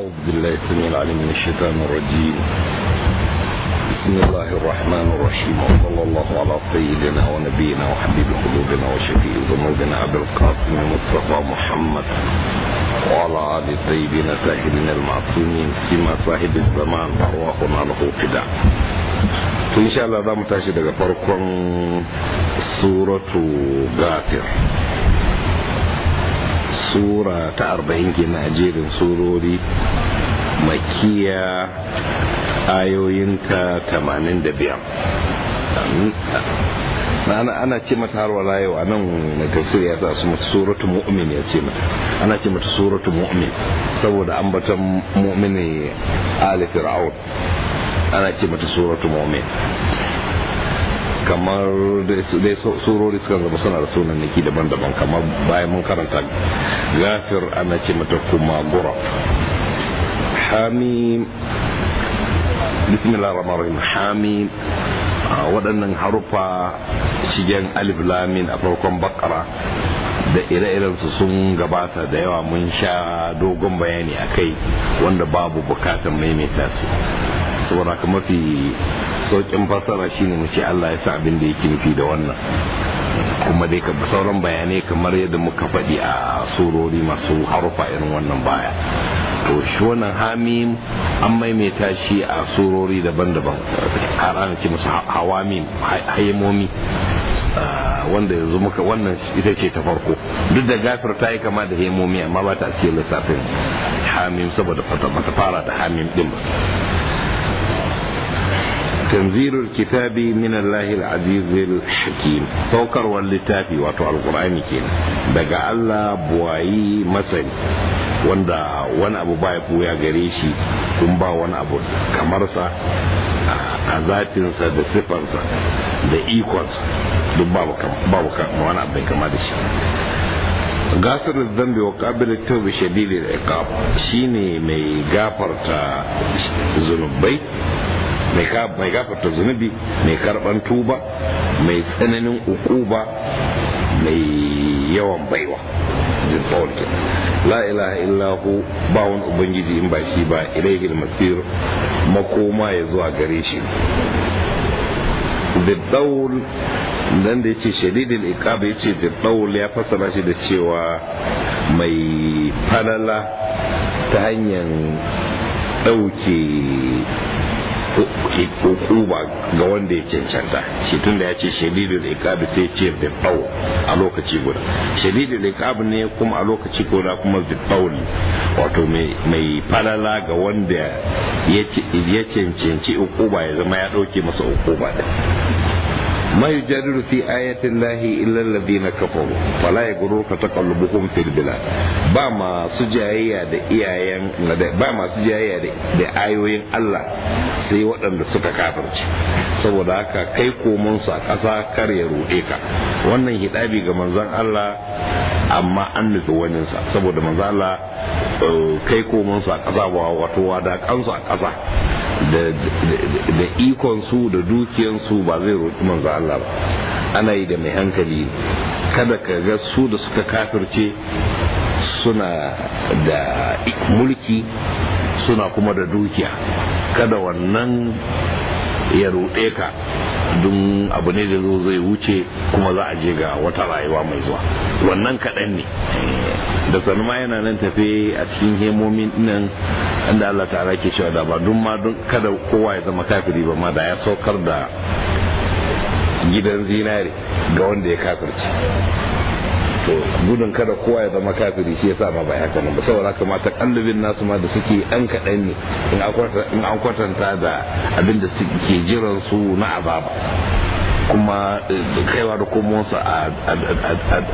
أعوذ بالله السميع العليم من الشيطان الرجيم بسم الله الرحمن الرحيم وصلى الله على سيدنا ونبينا وحبيب قلوبنا وشفيع ذنوبنا أبي القاسم مصطفى محمد وعلى آل الطيبين الطاهرين المعصومين سيما صاحب الزمان أرواحنا له فداء إن شاء الله دام mu tashi سورة farkon sura ta arba'in ke a jerin surori makiya ayoyinta tamanin da biyar ana ce mata har wala yau a nan na tafsir ya sa su mata mu'min ya ce mata ana ce mata suratu mu'min saboda ambatan mu'mini ali fir'aun ana ce mata suratu mu'min kamar dai surori suka zama suna da sunannaki daban-daban kamar bayan mun karanta gafir ana ce mata kuma gura hamim bismillah rahman hamim waɗannan harufa shigen alif lamin a farkon bakara da ire iren su sun gabata da yawa mun sha dogon bayani a kai wanda babu bukatan maimaita su saboda mafi saukin fasara shine mu ce Allah ya sa abin da yake nufi da wannan kuma dai ka sauran bayanai kamar yadda muka faɗi a surori masu harufa irin wannan baya to shi wannan hamim an maimaita shi a surori daban-daban har an ce musu hawamim haimomi ah, wanda yanzu muka wannan ita ce ta farko duk da gafir ta yi kama da haimomi amma ba ta siya lissafin hamim saboda mata fara da hamim din ba tanzilul kitabi min Allahil azizil hakim saukarwa littafi wato alkur'ani kenan daga Allah buwayi masani wanda wani abu ba ya buya gare shi kun ba wani abu kamar sa a zatinsa da sifansa da ikonsa duk babu wani abu da kama da shi gasar zambi wa kabila taubi da iqab shine mai gafarta zunubai mai gafarta zunubi mai karban tuba mai tsananin ukuba mai yawan baiwa la ilaha illahu ba wani ubangiji in ba shi ba ilaihil masir makoma ya zuwa gare shi biddaul nan da yace shadidul iqab yace biddaul ya fassara shi da cewa mai falala ta hanyar ɗauke hukuba ga wanda ya cancanta shi tun da ya ce shadidul iqabi sai ce bi a lokaci guda shadidul ne kuma a lokaci guda kuma bi ne wato mai falala ga wanda ya cancanci hukuba ya zama ya dauke masa hukuba ɗin ما يجادل في آيات الله إلا الذين كفروا فلا يغررك تقلبهم في البلاد بما سجايا دي آيان بما سجايا دي آيوين الله sai waɗanda suka kafirci saboda haka kai komonsu a ƙasa kar ya ruɗe ka wannan hidabi amma an nufi waninsa saboda manzala eh, kai komansu a ƙasa wato wadaƙansu a ƙasa da ikonsu da dukiyansu ba zai roƙi manza Allah ba ana yi da mai hankali kada ka ga su da suka kafirce suna da mulki suna kuma da dukiya kada wannan ya ruɗe ka don abu ne da zo zai wuce kuma za a je ga wata rayuwa mai zuwa wannan kaɗan ne da sanu yana nan tafe a cikin hemomin nan inda Allah ta'ala ke cewa da ba dun ma don kada kowa ya zama kafiri ba ma da ya saukar da gidan zinare ga wanda ya kafirci to gudun kada kowa ya zama kafiri shi yasa ma ba haka nan ba saboda kamata kallubin nasu ma da suke an kaɗan ne in an kwatanta da abin da suke jiran su na ababa kuma eh, kaiwa da komonsu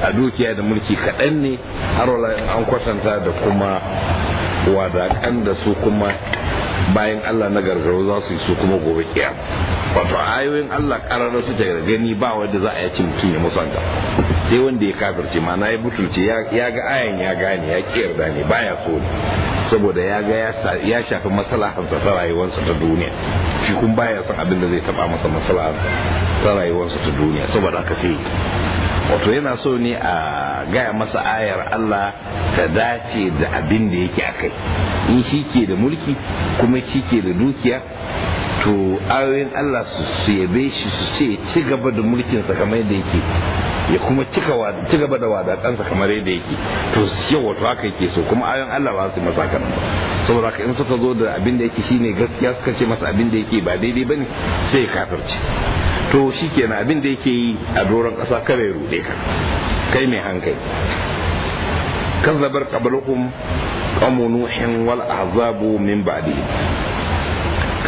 a dukiya da mulki kaɗan ne har wala an kwatanta da kuma wadakan da su kuma bayan Allah na gargaro za su yi su kuma gobe kya wato ayoyin Allah kararra su ta gani ba wanda za a yaci mutum ya musanta sai wanda ya kafirce na ya butulce ya ga ayan ya gane ya kiyar da ne baya so ne saboda ya ga ya shafi maslahansa ta rayuwarsa ta duniya shi kun baya son abin da zai taba masa maslahansa ta rayuwarsa ta duniya saboda haka sai wato yana so ne a gaya masa ayar Allah ta dace da abin da yake kai in shi ke da mulki kuma shi ke da dukiya to ayoyin Allah su yabe shi su ce ci gaba da mulkinsa kamar yadda yake ya kuma ci gaba da wadatansa kamar yadda yake to yau wato haka yake so kuma ayoyin Allah ba su masa haka ba saboda ka in suka zo da abin da yake shine gaskiya suka ce masa abin da yake ba daidai bane sai ya kafirce to shi kenan abin da yake yi a doron ƙasa kare rude ka kai mai hankali zabar qablakum kamunu nuhin wal azabu min ba'di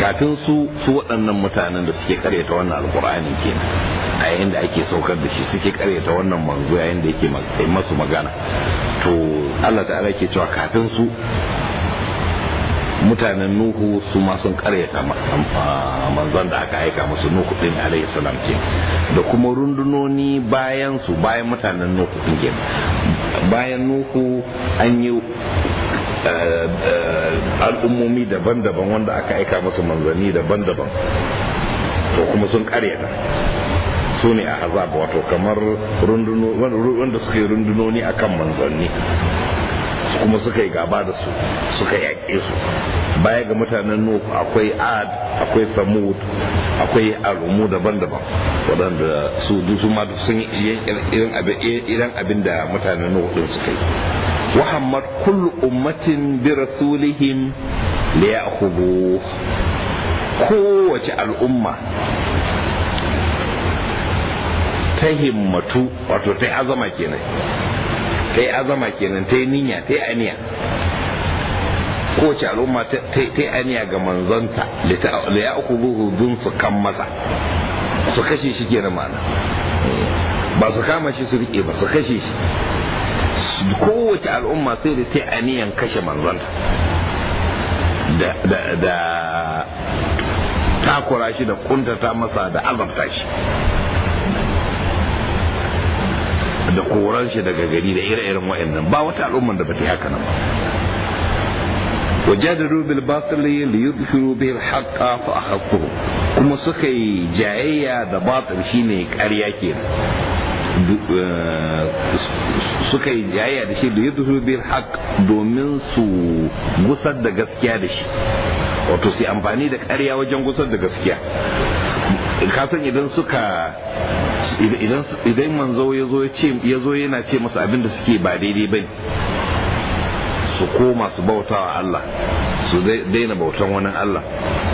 kafin su su waɗannan mutanen da suke karyata wannan alkur'ani kenan a yayin da ake saukar da shi suke karyata wannan manzo yayin da yake masu magana to Allah ta'ala ke cewa kafin su mutanen nuhu su ma sun karyata manzon da aka aika musu nuhu din alaihi salam ke da kuma rundunoni bayan su bayan mutanen nuhu din ke bayan nuhu an yi eh, eh, al'ummomi daban-daban wanda aka aika musu manzanni daban-daban to kuma sun karyata su ne a azab wato kamar wanda suka yi rundunoni akan manzanni kuma suka yi gaba da su suka yaƙe su baya ga mutanen nuhu akwai ad akwai samud akwai alumu daban-daban waɗanda su dusu ma sun yi irin abin da mutanen nuhu ɗin suka yi wahammad kullu ummatin bi rasulihim li ya'khudhu kowace al'umma ta himmatu wato ta azama kenan ta yi azama kenan ta yi niyya ta yi aniya kowace al'umma ta yi aniya ga manzanta da ya uku buhu dun su kan masa su kashe shi kenan ma'ana ba su kama shi su rike ba su kashe shi kowace al'umma sai da ta yi aniyan kashe manzanta da takura shi da kuntata masa da azabta shi da koran shi daga gari da ire-iren wa'annan ba wata al'ummar da bata yi haka nan ba wajadadu bil batili li yudhiru bil haqqa fa akhadhuhu kuma suka yi jayayya da batil shine ƙarya ke. Eh, suka yi jayayya da shi da yudhiru bil haqq domin su gusar da gaskiya da shi wato sai amfani da ƙarya wajen gusar da gaskiya kasan idan suka idan manzo ya zo ya zo yana ce musu abin da suke ba daidai ba su koma su bautawa Allah su daina bautan wani Allah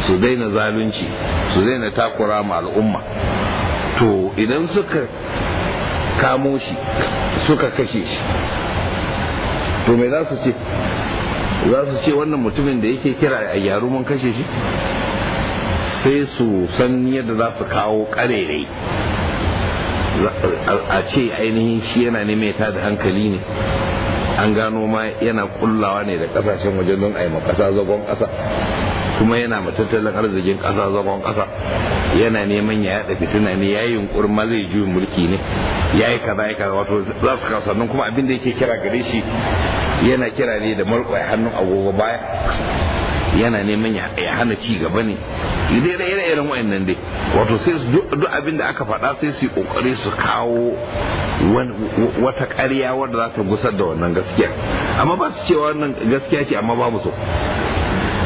su daina zalunci su daina takura ma al'umma to idan suka kamo shi suka kashe shi to me za su ce za su ce wannan mutumin da yake kira a yaro mun kashe shi sai su san yadda za su kawo karerai a ce ainihin shi yana ne mai tada hankali ne an gano ma yana kullawa ne da kasashen wajen don aima kasa zagon kasa kuma yana matattalin arzikin kasa zagon kasa yana neman ya yada fitina ne ya yi ma zai juyin mulki ne ya yi kaza ya kaza wato za su kasa kuma abin da yake kira gare shi yana kira ne da marƙwai hannun agogo baya yana neman ya hana ci gaba ne da ire iren wayannan dai wato sai duk abin da aka faɗa sai su kokari su kawo wata ƙarya wanda za ta gusar da wannan gaskiya amma ba su cewa wannan gaskiya ce amma mu so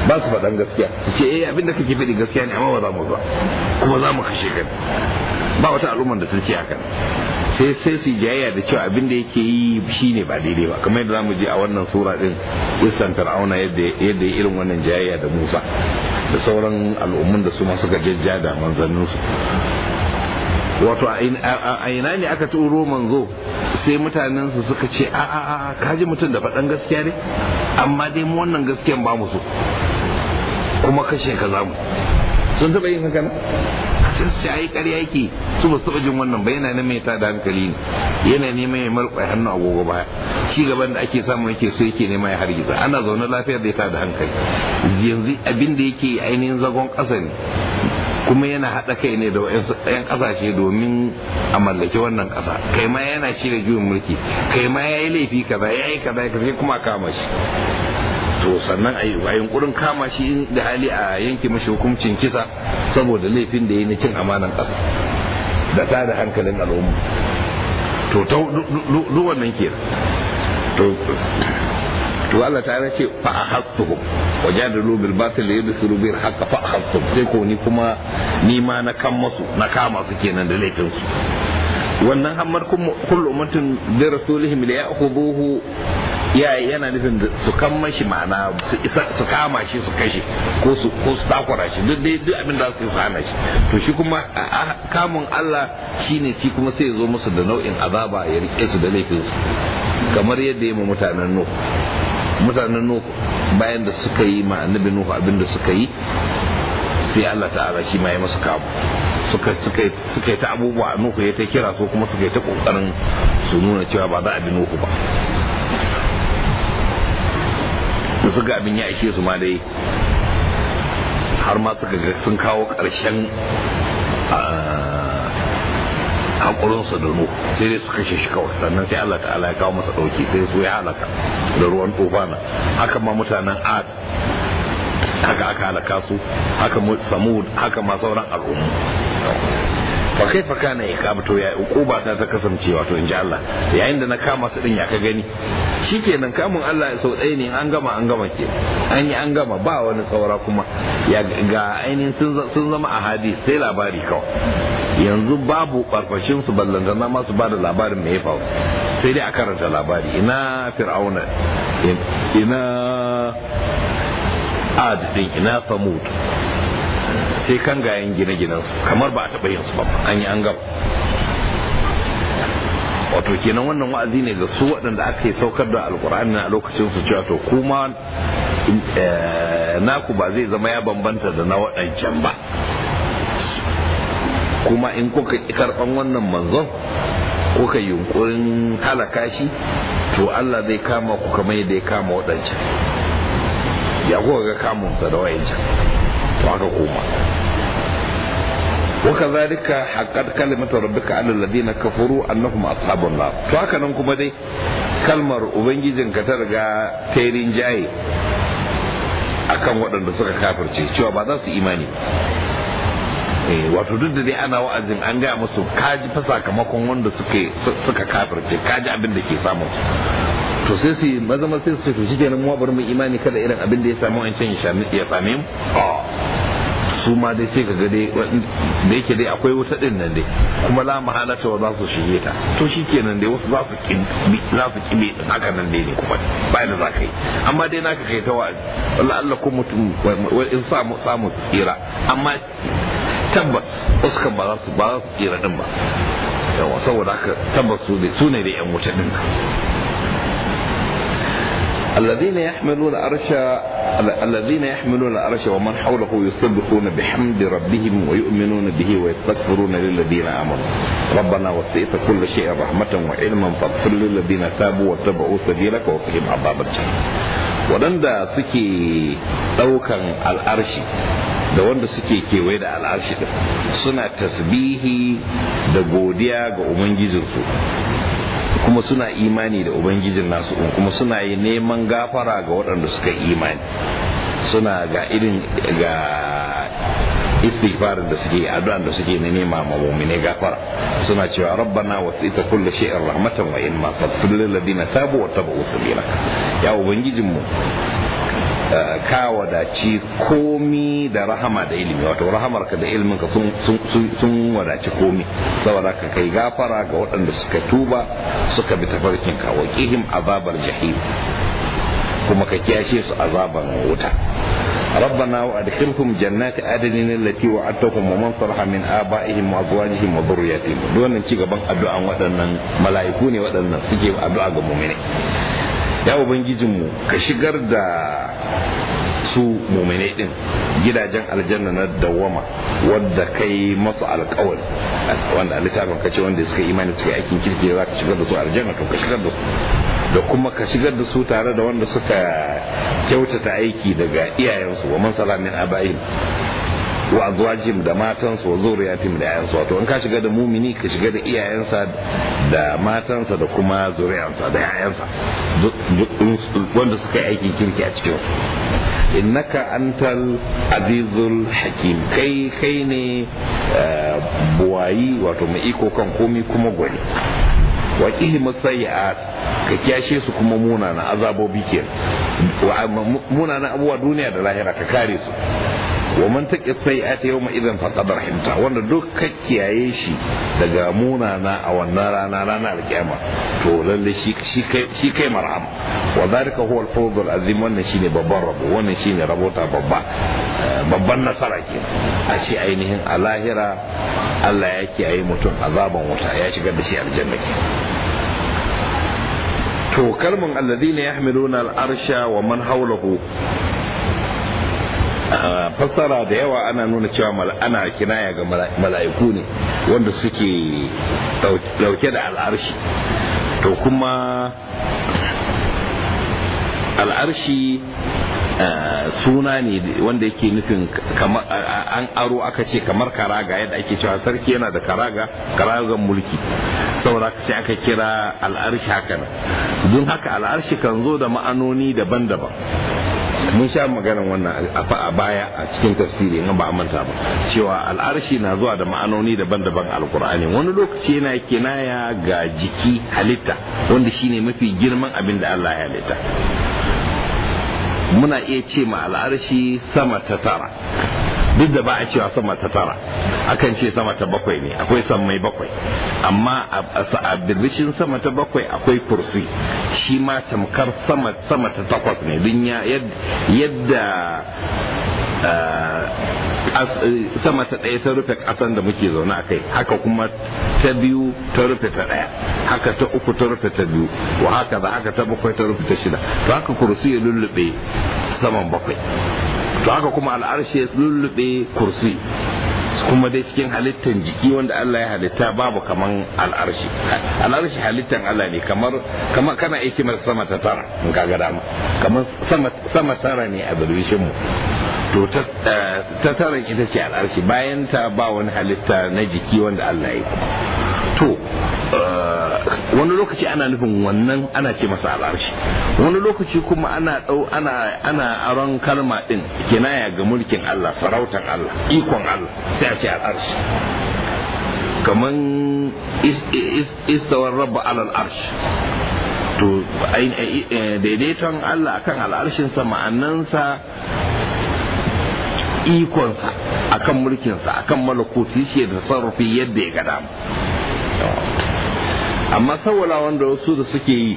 ba su faɗan gaskiya su ce eh abin da kake faɗi gaskiya ne amma ba za mu ba kuma za mu kashe ka ba wata al'ummar da ta ce haka sai sai su jayayya da cewa abin da yake yi shine ba daidai ba kamar yadda zamu je a wannan sura din isan fir'auna yadda yadda irin wannan jayya da Musa da sauran al'ummun da su ma suka jajja da manzannin su wato a ina ne aka turo manzo sai mutanen su suka ce a a a kaji mutum da faɗan gaskiya ne amma dai mu wannan gaskiyan ba mu so kuma kashe ka zamu sun taɓa yin haka na sai ƙarya yake su ba su jin wannan ba yana neman ya da hankali ne yana neman ya malƙa hannu agogo baya ci gaban da ake samu yake so yake nema ya hargitsa ana zaune lafiyar da ya da hankali yanzu abin da yake ainihin zagon ƙasa ne kuma yana haɗa kai ne da 'yan ƙasashe domin a mallaki wannan ƙasa kai ma yana shirya juyin mulki kai ma ya yi laifi kaza ya yi kaza kuma kama shi to sannan a yi yunkurin kama shi da hali a yanke mashi hukuncin kisa saboda laifin da ya na cin amanan ƙasa da ta da hankalin al'umma to ta duk wannan ke to to Allah ta ce fa ahastuhum wa jadalu bil batil yadkhulu bil haqq fa ahastum sai ko ni kuma ni ma na kan masu na kama su kenan da laifin su wannan hammar kullu ummatin bi rasulihim li ya'khudhuhu ya yana nufin su kan mashi ma'ana su kama shi su kashe ko su takura shi duk dai duk abin da su yi su shi to shi kuma kamun Allah shine shi kuma sai ya zo musu da nau'in azaba ya rike su da laifin su kamar yadda ya ma mutanen Nuhu mutanen Nuhu bayan da suka yi ma annabi Nuhu abin da suka yi sai Allah ta'ala shi ma ya musu kamu suka suka yi ta abubuwa Nuhu ya ta kira su kuma suka ta kokarin su nuna cewa ba za a bi Nuhu ba da suka abin ya ake su ma dai har ma suka ga sun kawo ƙarshen ah, su da nu sai dai su kashe shi kawai sannan sai Allah ta'ala ya kawo masa ɗauki sai su ya halaka da ruwan tofana haka ma mutanen ad haka aka halaka su haka samud haka ma sauran al'ummu fa fa kana to ya uquba ta ta kasance wato inji Allah yayin da na kama su din ya ka gani shikenan kamun Allah sau ɗaya ne an gama an gama ke an yi an gama ba wani tsaura kuma ya ga ainihin sun zama a hadi sai labari kawai yanzu babu barfashin su ballantana ma su bada labarin me ya faru sai dai a karanta labari ina fir'auna ina ad din ina samud sai kangayen gine-ginen kamar ba a taɓa yin su ba an yi an gaba wato kenan wannan wa'azi ne ga su waɗanda aka yi saukar da alkur'ani a lokacin su cewa to kuma eh, naku ba zai zama ya bambanta da na waɗancan ba kuma in kuka karɓan wannan manzon kuka yunkurin halaka shi to Allah zai kama ku kamar yadda ya kama waɗancan ya kuka ga kamunsa da wayancan ka faru umma wakazalika haqqat kalimatu rabbika alal ladina kafaru annahum ashabun nar to haka nan kuma dai kalmar ubangijin ka ta riga tayrin jaye akan waɗanda suka kafirce cewa ba za su imani eh wato duk da dai ana wa'azin an ga musu kaji fa sakamakon wanda suka suka kafirce kaji abin da ke samu to sai su maza ma sai su fice ne mu bar mu imani kada irin abin da ya samu an can ya same mu oh. su ma dai sai ga dai da yake dai akwai wuta din nan dai kuma la mahalata wa za su shige ta to shikenan dai wasu za su kibi za su kibe haka nan dai ne kuma ba da za ka yi amma dai naka kai ta wa'azi wallahi Allah ko mutum in samu samu su tsira amma tabbas uskan ba za su ba za su tsira din ba yawa saboda haka tabbas su ne da yan wuta din nan الذين يحملون عرش الذين يحملون العرش ومن حوله يسبحون بحمد ربهم ويؤمنون به ويستغفرون للذين امنوا ربنا وسعت كل شيء رحمة وعلما فاغفر للذين تابوا واتبعوا سبيلك وقهم عذاب الجحيم waɗanda سكي ɗaukan al'arshi da wanda suke kewaye da al'arshi suna tasbihi da godiya ga ubangijinsu kuma suna imani da ubangijin nasu kuma suna yi neman gafara ga waɗanda suka imani suna ga irin ga istighfar da suke addu'an da suke na nema ma mu'mini gafara suna cewa rabbana wasita kullu shay'in rahmatan wa in ma faghfir ladina tabu wa tabu sabilaka ya ubangijin mu ka wadaci komi da rahama da ilimi wato rahamarka da iliminka sun wadaci komi saboda ka kai gafara ga waɗanda suka tuba suka bi tafarkinka wa kihim azabar jahim kuma ka kiyashe su azabar wuta ربنا وادخلهم جنات عدن التي وعدتهم ومن صرح من ابائهم وازواجهم وذرياتهم دون ان ci gaban addu'an waɗannan mala'iku ne waɗannan suke addu'a ga ya ubangijinmu ka shigar da su muminai din gidajen aljanna na dawama wadda kai masu alkawari wanda a littafin ka ce wanda suka imani suka aikin kirki za ka shigar da su aljanna to ka shigar da su da kuma ka shigar da su tare da wanda suka kyautata aiki daga iyayensu wa man salamin bayin. wa azwajim da matansu wa zuriyatim da yayansu wato in ka shiga da mumini ka shiga da iyayensa da matansa da kuma zuriyansa da yayansa wanda suka yi aiki kirki a cikin su innaka antal azizul hakim kai kai ne eh, buwayi wato mai iko kan komi kuma gwani wa ihim ka kiyashe su kuma munana azabobi kenan munana abuwa duniya da lahira ka kare su wa man taqi sayyi'ati yawma idhan faqad rahimta wanda duk ka kiyaye shi daga munana a wannan rana rana alkiyama to lalle shi shi kai marham wa dhalika huwa al-fawz al-azim babban rabo wannan shine rabota eh, babban nasara ke a ainihin a lahira Allah ya kiyaye mutum azaban wuta ya shiga da shi aljanna ke to kalmin alladhina yahmiluna al-arsha wa man hawlahu Ah, fassara da yawa ana nuna cewa ana kinaya ga mala'iku ne wanda suke dauke da al'arshi to kuma al'arshi ah, suna ne wanda yake nufin an aro aka ce kamar karaga yadda ake cewa sarki yana da karaga karagan mulki saboda sai aka kira al'arshi haka don haka al'arshi kan zo da ma'anoni daban-daban mun sha maganar wannan a baya a cikin tafsiri in ba a manta ba cewa al'arshi na zuwa da ma'anoni daban-daban alkur'ani wani lokaci yana kinaya ga jiki halitta wanda shine mafi girman abin da Allah ya halitta muna iya ce ma al'arshi sama ta tara duk da ba a cewa sama ta tara akan ce sama ta bakwai ne akwai mai bakwai amma a birbishin sama ta bakwai akwai kursi shi ma tamkar sama sama ta takwas ne dunya yadda sama ta ɗaya ta rufe ƙasan da muke zaune a kai haka kuma ta biyu ta rufe ta ɗaya haka ta uku ta rufe ta biyu wa haka da haka ta bakwai ta rufe ta shida to haka kursi ya lullube saman bakwai to haka kuma al'arshi ya lullube kursi kuma dai cikin halittar jiki wanda Allah ya halitta babu kaman al'arshi al'arshi halittar Allah ne kamar kamar kana ikimar sama ta tara in ka ga dama kamar sama sama tara ne a birbishin mu to ta eh, tara ita ce al'arshi bayan ta ba wani halitta na jiki wanda Allah ya yi to eh, wani lokaci ana nufin wannan ana ce masa al'arshi wani lokaci kuma ana dau ana ana aron kalma din kinaya ga mulkin Allah sarautar Allah ikon Allah sai a ce al'arshi kaman istawar rabba alal arsh to eh, daidaiton Allah akan al'arshin sa ma'anansa ikonsa akan mulkinsa akan malakoti shi da sarrafi yadda ya ga dama amma saboda wanda wasu da suke yi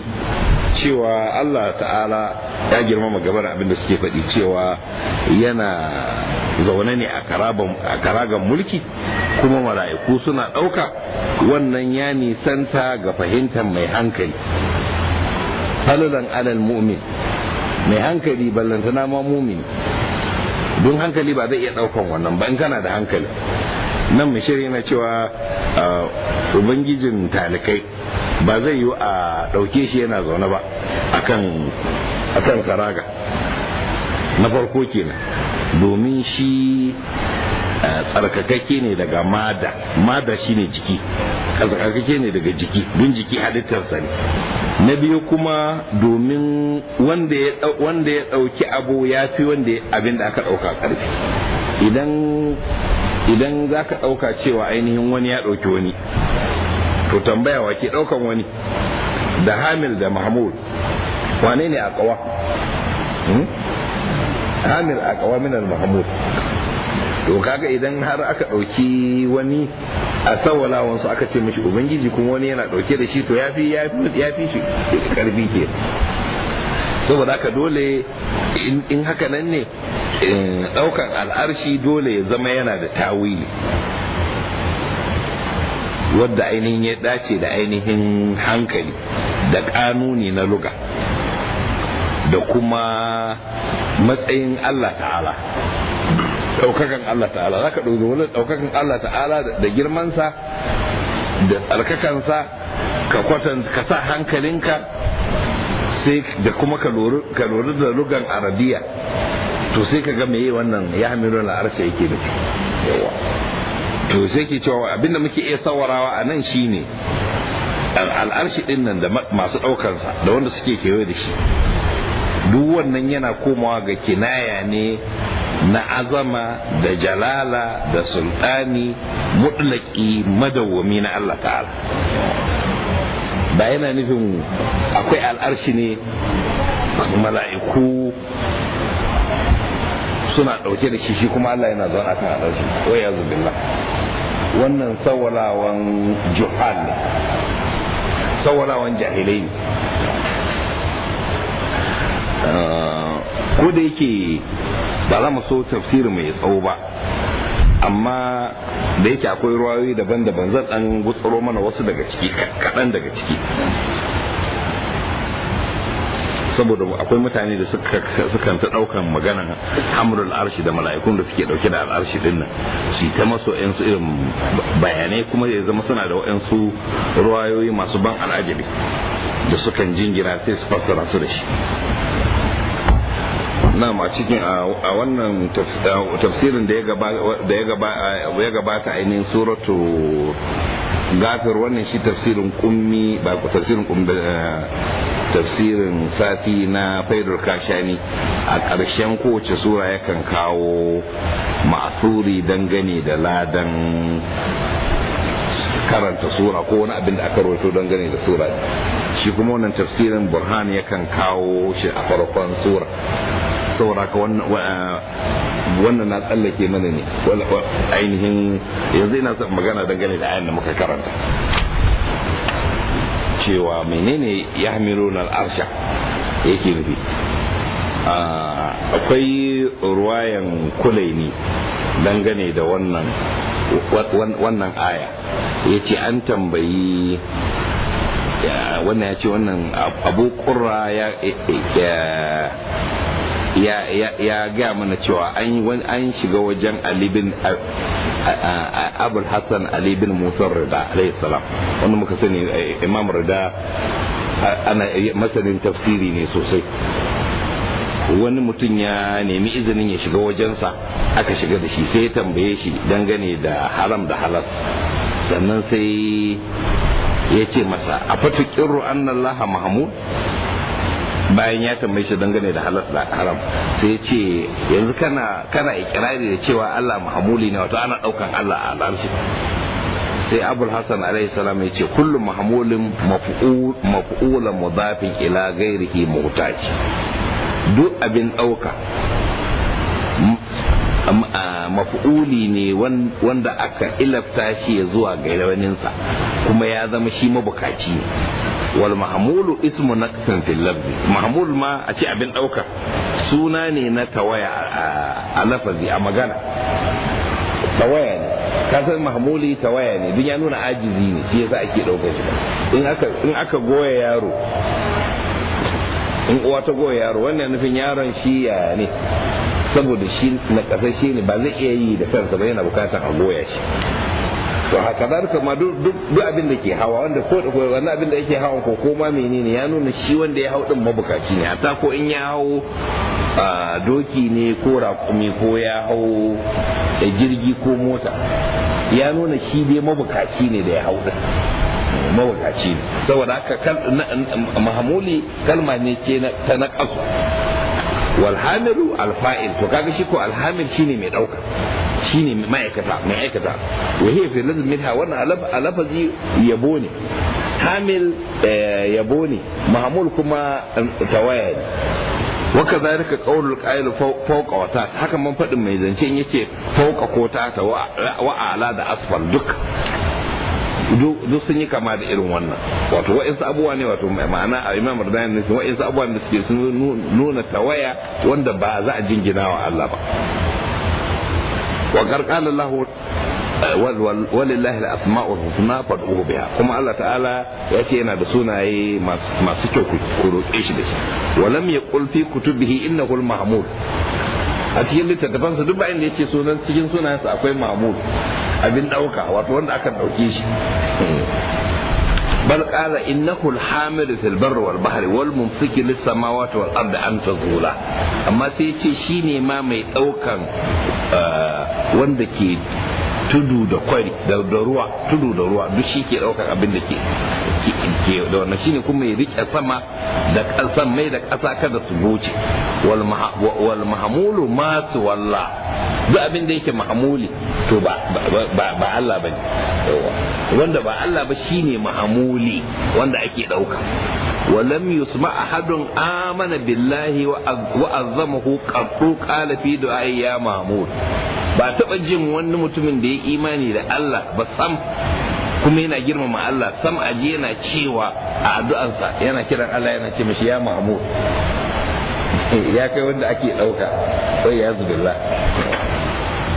cewa Allah ta'ala ya girmama gabar abin da suke faɗi cewa yana zaune ne a karagan mulki kuma mala'iku suna ɗauka wannan ya nisanta ga fahimtar mai hankali falalan alal mu'min mai hankali ballantana ma mumini don hankali ba zai iya ɗaukan wannan ba in kana da hankali nan mai shirya yana cewa ah, ubangijin talikai ba zai yi a ɗauke shi yana zaune ba a kan karaga na farko kenan domin shi ah, tsarkakakke ne daga mada mada shi ne jiki tsarkakakke ne daga jiki don jiki halittarsa ne na biyu kuma domin wanda ya ɗauki abu ya fi wanda abin da aka ɗauka ƙarfi idan idan za ka ɗauka cewa ainihin wani ya ɗauki wani to tambaya wa ke ɗaukan wani da hamil da mahmud wane ne a ƙawa hmm? hamil a ƙawa minar mahmud to kaga idan har aka ɗauki wani a sawala wansu aka ce mishi ubangiji kuma wani yana ɗauke da shi to ya fi shi ƙarfi ke saboda haka dole in haka nan ne daukan eh, al'arshi dole ya zama yana da tawili wadda ainihin ya dace da ainihin hankali da kanuni na luga da kuma matsayin Allah ta'ala daukakan Allah ta'ala za ka dole wani daukakan Allah ta'ala da girmansa da tsarkakansa ka kwatanta ka sa hankalinka sai da kuma ka lura da lugan arabiya to sai ka gama yi wannan ya hamilu na arsha yake da yawa to sai ke cewa abinda muke iya sawarawa a nan shine al'arshi din nan da masu ɗaukansa da wanda suke kewaye da shi duk wannan yana komawa ga kinaya ne na azama da jalala da sultani mutlaki madawwami na Allah ta'ala ba yana nufin akwai al'arshi ne mala'iku suna ɗauke da shi shi kuma Allah yana zaune akan al'arshi ko ya billah wannan sawalawan juhal ne sawalawan jahilai ne ah, ko da yake ba za mu so tafsirin mai tsawo ba amma da yake akwai ruwayoyi daban-daban zan dan gutsuro mana wasu daga ciki kaɗan daga ciki saboda akwai mutane da sukan ta daukan maganan amrul arshi da mala'ikun da suke dauke da al'arshi din nan su ta maso su irin bayanai kuma ya zama suna da wa'yansu ruwayoyi masu ban al'ajabi da sukan jingira sai su fassara su da shi na'am a cikin a wannan tafsirin da ya gabata ainihin suratu gafir wannan shi tafsirin kummi ba tafsirin kummi eh, tafsirin safi na faidar kashani a ƙarshen kowace sura yakan kawo ma'asuri dangane da ladan karanta sura ko wani abin da aka rawaito dangane da sura shi kuma wannan tafsirin burhan yakan kawo shi a farkon sura saboda ka wannan na tsallake mana ne ainihin yanzu ina son magana dangane da ayan da muka karanta cewa menene ya hamilu na al'arsha yake nufi akwai ruwayan kulaini dangane da wannan wannan aya ya ce an tambayi wannan ya ce wannan abu kura ya ya gaya mana cewa an shiga wajen alibin abul hassan alibin musa rida alayhi salam wanda muka sani eh, imam rida ana masanin tafsiri ne sosai wani mutum ya nemi izinin ya shiga wajensa aka shiga da shi sai ya tambaye shi dangane da haram da halas sannan sai ya ce masa a fatakin ru'an Allah mahmud bayan ya tambaye shi dangane da halas da haram sai ce yanzu kana kana ikirari da cewa Allah mahamuli ne wato ana daukan Allah a al'arshi sai abul hasan alaihi salam ya ce kullu mahamulin maf'ulan mudafin ila ghairihi mutaci duk abin dauka maf'uli ne wanda aka ilafta shi ya zuwa ga waninsa kuma ya zama shi mabukaci wal mahmulu ismu na fil lafzi mahmul ma a ce abin dauka suna ne na tawaya a lafazi a magana tawaya ne kasan mahmuli tawaya ne duk ya nuna ajizi ne shi yasa ake daukar shi in aka in aka goya yaro in uwa ta goya yaro wannan nufin yaron shi ya ne saboda shi na kasashe ne ba zai iya yi da kansa ba yana bukatar a goya shi to a kadarka ma duk abin da ke hawa wanda ko wani abin da yake hawa ko koma menene ya nuna shi wanda ya hau din mabukaci ne hatta ko in ya hau doki ne ko raƙumi ko ya hau eh, jirgi ko mota ya nuna shi dai mabukaci ne da ya hau din mabukaci. ne saboda haka mahamuli kalma ne ce ta na walhamilu alfa'il to kaga shi ko alhamil shine mai dauka shine ma'aikata mai aikata wa hiya fi lazim minha wannan alafazi yabo ne hamil yabo ne mahmul kuma tawaya ne wa kadhalika qawlul qa'il fawqa wata ta haka man fadin mai zance in yace fawqa ko ta ta wa ala da asfal duk duk sun yi kama da irin wannan wato wa'insu abubuwa ne wato ma'ana a imam radani ne wa'insu abubuwa da suke sun nuna tawaya wanda ba za a jingina wa Allah ba wa qarqala eh, walillahi asmaul husna fad'uhu biha kuma Allah ta'ala ya ce yana da sunaye masu kyau ku roƙe shi da shi wa lam yaqul fi kutubihi innahu al-mahmud a cikin littattafan su duk bayan da yake sunan cikin sunan su akwai mamud abin dauka wato wanda aka dauke shi bal qala innahu hamidu hamid fil barr wal bahr wal mumsik lis samawati wal ardi an tazula amma sai yace shine ma mai daukan eh, wanda ke tudu da kwari da ruwa tudu da ruwa duk shi ke daukar abin da ke da wannan shine kuma ya rike sama da ƙasan mai da ƙasa kada su goce wal mahamulu masu walla duk abin da yake mahamuli to ba Allah ba ne wanda ba Allah ba shine mahamuli wanda ake ɗauka ولم يسمع أحد آمن بالله وأظمه قد قال في دعائي يا محمود ba taɓa jin wani mutumin da ya imani da Allah ba sam kuma yana girmama Allah sam aji yana cewa a addu'ansa yana kiran Allah yana ce mishi ya mamu ya kai wanda ake ɗauka sai ya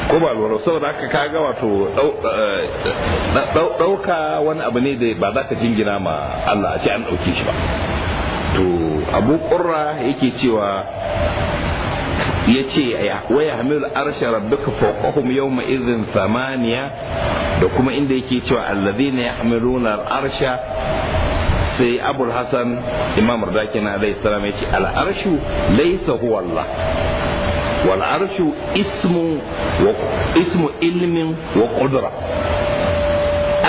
ko ba lura saboda haka ka ga wato eh, ɗauka wani abu ne da ba za ka jingina ma Allah a ce an ɗauke shi ba to abu ƙurra yake cewa ya ce wa ya hamilu arshe rabbika fawqahum yawma idhin samaniya da kuma inda yake cewa alladhina yahmiluna al-arsha sai abul hasan imam ardakina alayhi salam yace al-arshu laysa huwa allah wal arshu ismu wa ismu ilmin wa qudra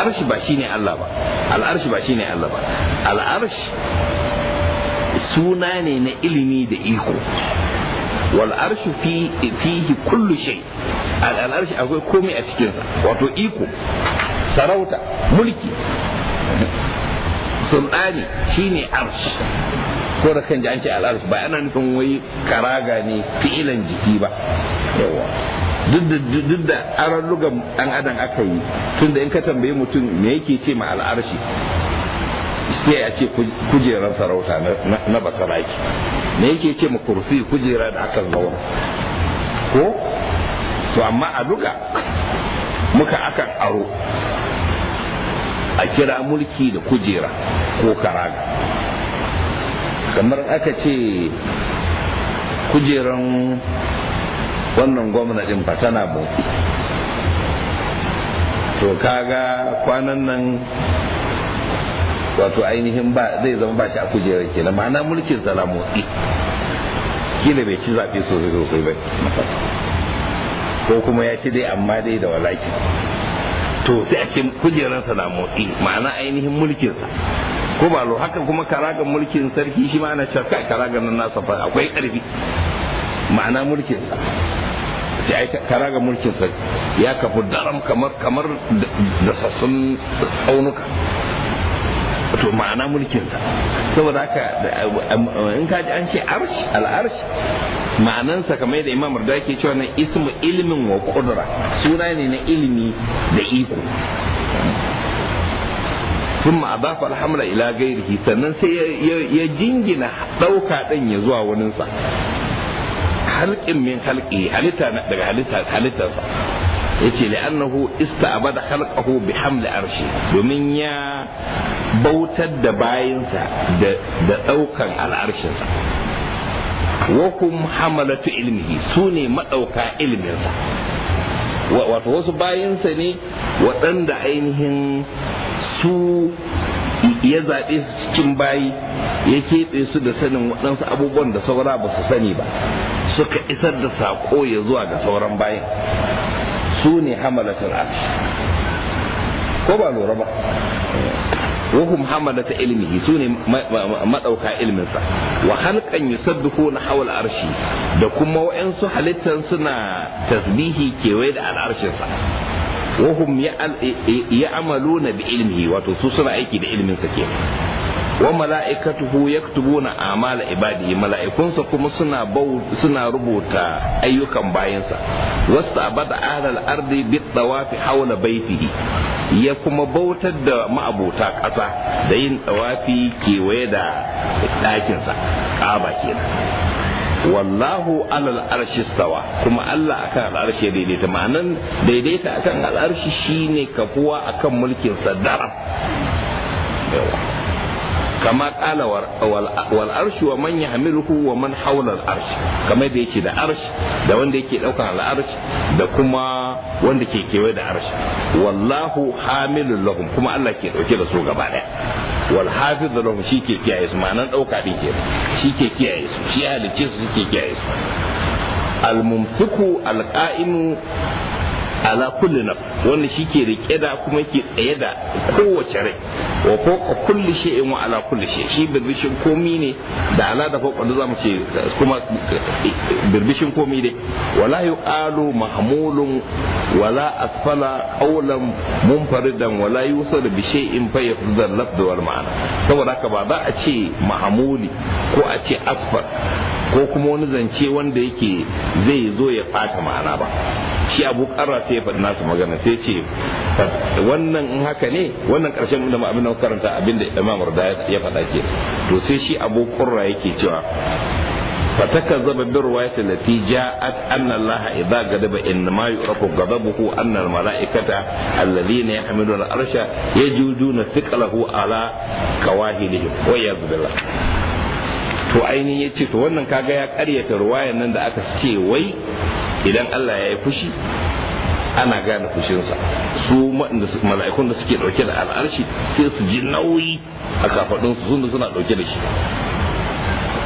arsh ba shine allah ba al-arsh ba shine allah ba al-arsh suna ne na ilimi da iko wal arshu fi fihi kullu shay al akwai komai a cikinsa wato iko sarauta mulki sultani shine arshi ko da kan ji an ce al ba ana nufin wai karaga ne fi'ilan jiki ba yawa duk da aran lugan dan adam aka yi tunda in ka tambayi mutum me yake ce ma al'arshi sai a ce kujerar sarauta na basaraki me yake ce ma kursi kujera da aka zauna ko to amma a duka muka akan aro a kira mulki da kujera ko karaga kamar aka ce kujeran wannan gwamna din fa tana motsi to kaga kwanan nan wato ainihin ba zai zama ba shi a kujerar kenan ma'ana mulkin sa na motsi kila bai ci zafi sosai sosai ba ko kuma ya ci dai amma dai da walaki to sai a ce sa na motsi ma'ana ainihin mulkin sa. ko ba lo haka kuma karagan mulkin sarki shi ma ana cewa karagan nan nasa fa akwai karfi ma'ana mulkin sa sai ai karagan mulkin sarki ya kafu daram kamar kamar da sassun tsaunuka To ma'ana mulkinsa saboda haka in ka ji an ce arsh al'arsh ma'anansa kamar da imam da ke cewa na ismu ilmin wa kudura suna ne na ilimi da iko sun ma'adafa alhamra ila gairihi sannan sai ya jingina ɗauka ɗin ya zuwa wurinsa halƙin min halƙi halitta daga halittarsa yace li'annahu ista'bada khalqahu bi hamli arshi domin ya bautar da bayinsa da da daukan sa wa kum hamalatu ilmihi sune madauka ilminsa wato wasu bayinsa ne waɗanda ainihin su ya zaɓe su cikin bayi ya keɓe su da sanin waɗansu abubuwan da saura ba su sani ba suka isar da saƙo ya zuwa ga sauran bayin. su ne hamalatul arsh ko ba lura ba وهم حملة علمه سون مدوكا علمين سا وخلقا يسبحون حول عرشه da kuma wa'ansu halittan suna tasbihi kewaye da al'arshinsa wahum ya'maluna bi ilmihi wato su suna aiki da ilminsa sa wa mala'ikatuhu yaktubuna amala ibadi mala'ikunsa kuma suna suna rubuta ayyukan bayansa wasta'bada ahlal ardi bit tawafi hawla baitihi ya kuma bautar da ma'abota ƙasa da yin tawafi kewaye da ɗakinsa ƙaba kenan wallahu alal arshi stawa kuma Allah akan al'arshi daidaita ma'anan daidaita akan al'arshi shine kafuwa akan mulkin sa kama kala wal arshi wa man yahmiluhu wa man hawla arshi kamar da yake da arshi da wanda yake daukan al da kuma wanda ke kewaye da arshi wallahu hamilul lahum kuma Allah ke dauke da su gaba daya wal hafiz lahum shi ke kiyaye su ma'anan dauka din ke shi ke kiyaye su shi halicce su ke kiyaye su al mumsiku ala kulli nafs wanda shike rike da kuma ke tsaye da kowace rai wa fawqa kulli shay'in wa ala kulli shay shi birbishin komi ne da ala da fawqa da mu ce kuma eh, birbishin komi ne wala yu'alu mahmulun wala asfala qawlan munfaridan wala yusal bi shay'in fa yafzal lafd wal ma'ana saboda haka ba za a ce mahmuli ko a ce asfal ko kuma wani zance wanda yake zai zo ya fata ma'ana ba shi abu sai ya faɗi nasu magana sai ce wannan in haka ne wannan ƙarshen da abin da karanta abin da imam da ya faɗa ke to sai shi abu ƙurra yake cewa fataka zaba bin ruwayat lati ja'at anna allaha idza gadaba inma yuraku gaba anna annan malaikata alladhina yahmiluna al arsha yajuduna thiqlahu ala kawahilihim wa yazbilla to ainihin ya ce to wannan kaga ya karyata ruwayan nan da aka ce wai idan Allah ya yi fushi ana gane fushinsa su mala'ikun da suke dauke da al'arshi sai su ji nauyi a kafadunsu sun suna dauke da shi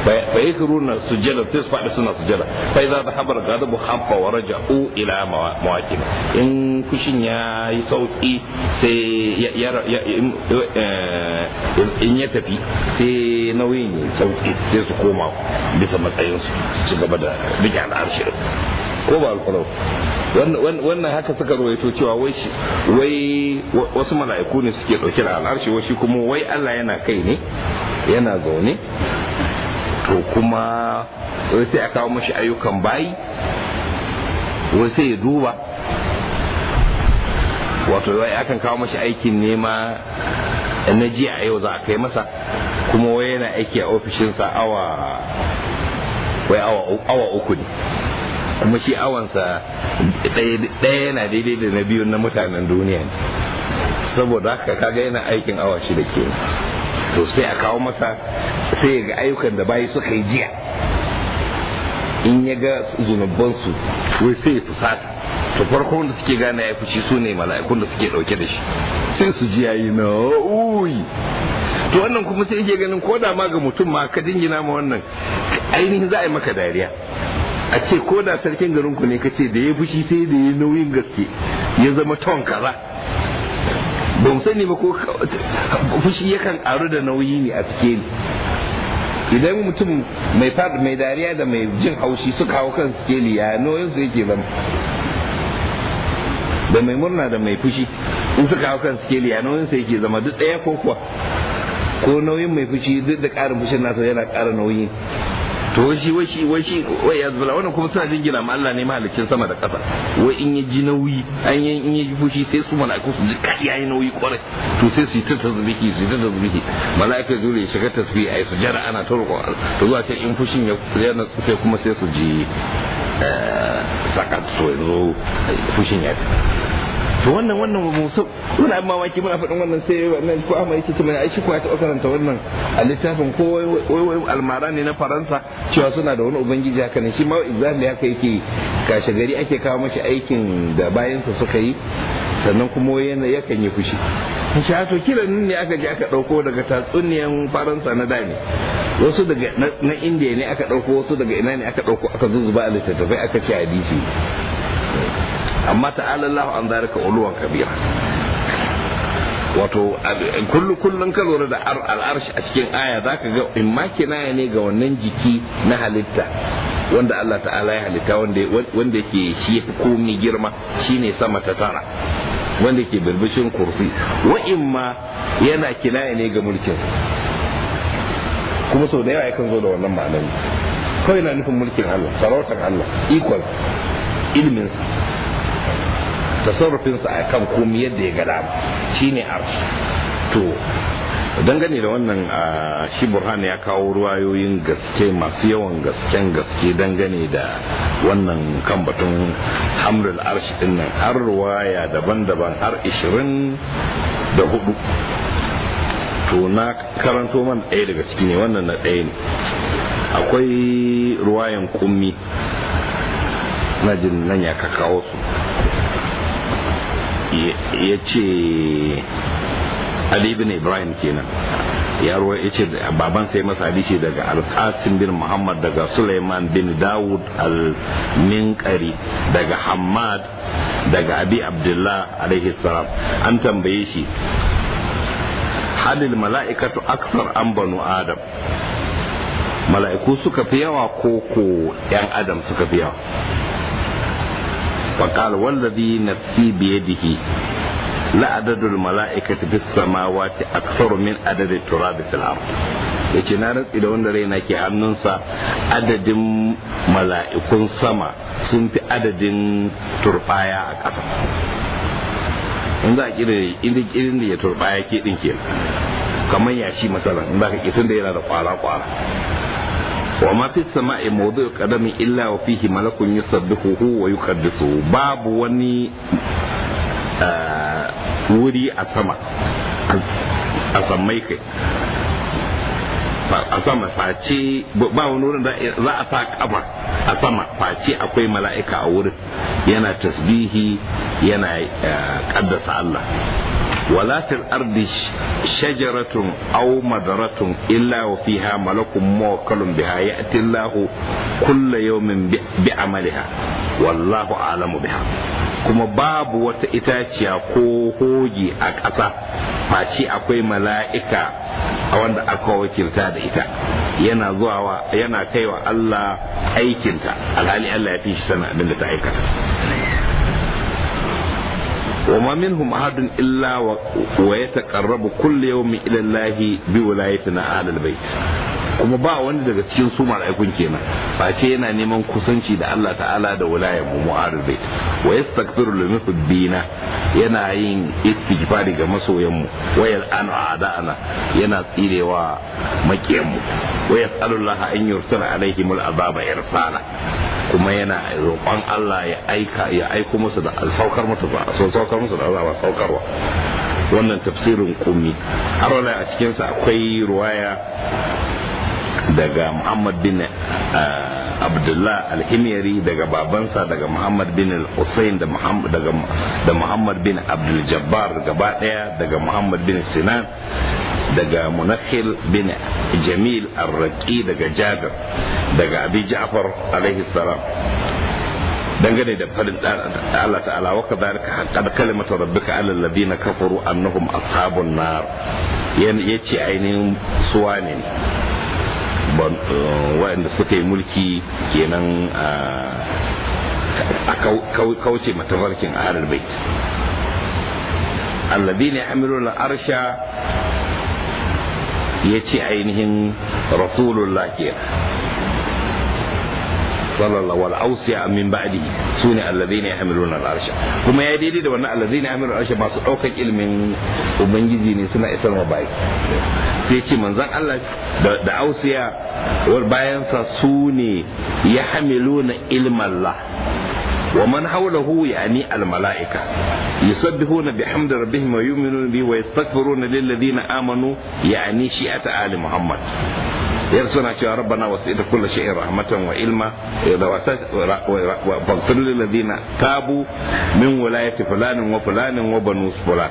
fa sujada sai su faɗi suna sujada fa habar wa su koma bisa matsayinsu su gaba ko ba wannan haka suka rawaito cewa wai wasu mala'iku ne suke ɗauki da al'arshi wai kuma wai Allah yana kai ne yana zaune to kuma sai a kawo mashi ayyukan bayi sai ya duba wato wai akan kawo mashi aikin nema na jiya a yau za a kai masa kuma wai yana aiki a ofishinsa awa uku ne kuma shi awansa ɗaya yana daidai da na biyu na mutanen duniya ne saboda haka kaga yana aikin awa shida kenan to sai a kawo masa sai ga ayyukan da bayi suka yi jiya in ya ga zunubansu wai sai ya fusata to farko wanda suke gane ya fushi su ne mala'ikun da suke dauke da shi sai su ji yayi na uyi to wannan kuma sai yake ganin ko da ma ga mutum ma ka dingina ma wannan ainihin za a yi maka dariya a ce ko da sarkin garinku ne ka ce da ya fushi sai da ya nauyin gaske ya zama ton kaza ban sani ba ko fushi yakan karu da nauyi ne a cikin idan mutum mai fad mai dariya da mai jin haushi suka hau kan sikeli ya noyin su yake zama da mai murna da mai fushi in suka hau kan sikeli ya noyin su yake zama duk ɗaya ko kuwa ko nauyin mai fushi duk da ƙarin fushin nasa yana ƙara nauyi to shi wai shi wai shi wai ya zubala wannan kuma suna jingina ma Allah ne mahalicin sama da ƙasa wai in ya ji nauyi an yi in ya ji fushi sai su mala'iku su ji kai yayi nauyi kwarai to sai su yi ta tasbihi su yi ta tasbihi mala'ika dole ya shiga tasbihi ai jara ana ta roƙon Allah to zuwa ce in fushin ya sai kuma sai su ji eh, sakat to yanzu fushin ya to wannan wannan mu so muna amma maki muna faɗin wannan sai wannan ko amma yake ce mana ai shi ko ya taɓa karanta wannan a littafin ko wai wai almara ne na faransa cewa suna da wani ubangiji haka ne shi ma exactly haka yake kashe gari ake kawo mashi aikin da bayansa suka yi sannan kuma yana yakan yi fushi sha to kila ne aka je aka ɗauko daga tatsuniyan faransa na dani wasu daga na indiya ne aka ɗauko wasu daga ina ne aka ɗauko aka zuzuba a littattafai aka ce hadisi amma ta'ala Allah an ka uluwan kabira wato kullu kullun ka lura da al'arshi a cikin aya zaka ga in ma kinaya ne ga wannan jiki na halitta wanda Allah ta'ala ya halitta wanda wanda yake shi komi girma shine sama ta tara wanda yake birbishin kursi wa in ma yana kinaya ne ga mulkinsa kuma sau da yawa yakan zo da wannan ma'anar kawai na nufin mulkin Allah sarautar Allah ikon ilminsa tasarrufinsa a kan komi yadda ya gada shine arsh to dangane da wannan shi burhan ya kawo ruwayoyin gaske masu yawan gasken gaske dangane da wannan kan batun hamrul arshi din nan har ruwaya daban-daban har hudu to na karanto man ɗaya daga ciki ne wannan na ɗaya ne akwai ruwayan kummi na jin nan ya kawo su ya ce Ali bin Ibrahim kenan ya ruwa ya ce baban sai masa hadisi daga alkasim bin muhammad daga suleiman bin dawud al-minkari daga hamad daga abi abdullah alaihi salam an tambaye shi halil mala'ikatu aksar an banu adam mala'iku suka fi yawa ko ko 'yan adam suka fi yawa فقال والذي نفسي بيده عدد الملائكة في السماوات أكثر من عدد التراب في الأرض yace na rantsi da wanda raina ke hannunsa adadin mala'ikun sama sun fi adadin turbaya a ƙasa in za a kira irin da ya turbaya ke ɗin ke kamar yashi matsalan in za ka ƙi tun da yana da kwara-kwara wa ma fi sama'i mawdu'u qadami illa wa fihi malakun yusabbihuhu wa yuqaddisuhu babu wani eh, wuri a sama a sammai kai a sama face ba wani wurin da za a sa kafa a sama ce akwai mala'ika a wurin yana tasbihi yana kaddasa eh, Allah wala fil ardi shajaratun aw madaratun illa wa fiha malakun muwakkalun biha ya'ti Allahu kulla yawmin bi amaliha wallahu a'lamu biha kuma babu wata itaciya ko hoji a ƙasa face akwai mala'ika a wanda aka wakilta da ita yana zuwa yana kaiwa Allah aikinta alhali Allah ya fi shi abin da ta aikata وما منهم أحد إلا ويتقرب كل يوم إلى الله بولايتنا أهل البيت kuma ba wani daga cikin su mala'ikun kenan ba ce yana neman kusanci da Allah ta'ala da wulayen mu mu'aridai wa yastaghfiru lil muhibbina yana yin istighfari ga masoyan mu wa yal'anu a'da'ana yana tsirewa makiyan mu wa Allah an yursala alaihim azaba irsala kuma yana roƙon Allah ya aika ya aiko musu da saukar musu da saukar musu da azaba saukarwa wannan tafsirin kummi har wala a cikinsa akwai ruwaya daga muhammad bin uh, abdullah alhimyari daga babansa daga muhammad bin hussein da muhammad bin abdul jabbar gaba daya daga muhammad bin sinan daga munakhil bin jamil arraki daga jabir daga abi ja'far alaihi salam dangane da farin Allah ta'ala wa kadhalika haqqat kalimatu rabbika 'alal ladina kafaru annahum ashabun nar yace ainihin suwane ne Eh, waɗanda suka yi mulki kenan eh, a kauce matafarkin ahalar bait alladi ne hamilul arsha ya ce ainihin rasulullah kenan sallallahu wal awsiya min ba'dihi sune alladhina yahmiluna al-arsh kuma ya daidai da wannan alladhina yahmiluna al-arsh masu daukan ilmin ubangiji ne suna isar wa bai sai ce manzon Allah da ausiya wal bayan sa sune yahmiluna ilmallah ومن حوله يعني الملائكة يسبحون بحمد ربهم ويؤمنون به ويستغفرون للذين آمنوا يعني شيعة آل muhammad. yar suna cewa rabbana wasita kullu shay'in rahmatan wa ilma da wa faghfir lil ladina tabu min wilayati fulanin wa fulanin wa banu fulan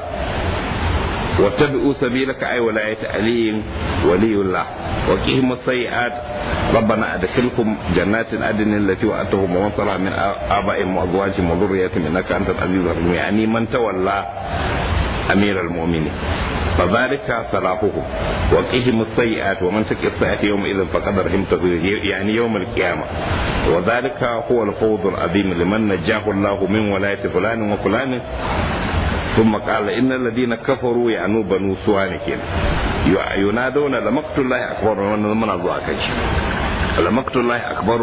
واتبعوا سبيلك أي ولاية علي ولي الله وقهم السيئات ربنا أدخلكم جنات الأدن التي وأتهم ومن صلح من آبائهم وأزواجهم وذريتهم إنك أنت العزيز الحكيم يعني من تولى امير المؤمنين فذلك صلاحهم وقهم السيئات ومن تك السيئات يومئذ فقد رحمته يعني يوم القيامه وذلك هو الفوز العظيم لمن نجاه الله من ولايه فلان وفلان ثم قال ان الذين كفروا يعنوا بنو سوانك ينادون لمقت الله اكبر من من الله lamaktullah akbar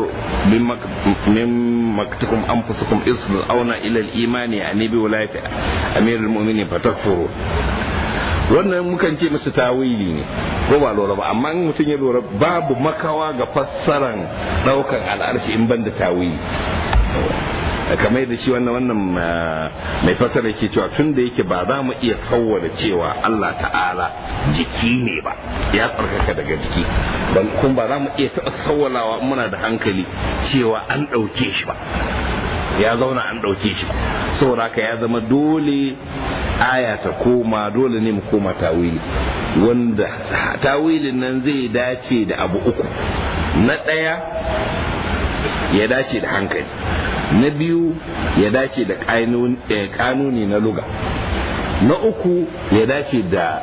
min maktukum anfusukum isl auna ila al-imani ani bi walayati amirul mu'minin fatakfuru wannan mukan ce musu tawili ne ko ba lura ba amma in mutum ya lura babu makawa ga fassaran daukan al-arshi in banda tawili kamar da shi wannan wannan ah, mai fasara yake cewa tun da yake ba za mu iya tsawwala cewa Allah ta'ala jiki ne ba ya tsarkaka daga jiki don kun ba za mu iya taɓa tsawwalawa muna da hankali cewa an ɗauke shi ba ya zauna an ɗauke shi saboda haka ya zama dole aya ta koma dole ne mu koma tawili wanda tawilin nan zai dace da abu uku na ɗaya ya dace da hankali na biyu ya dace da kanuni eh, na luga na uku ya dace da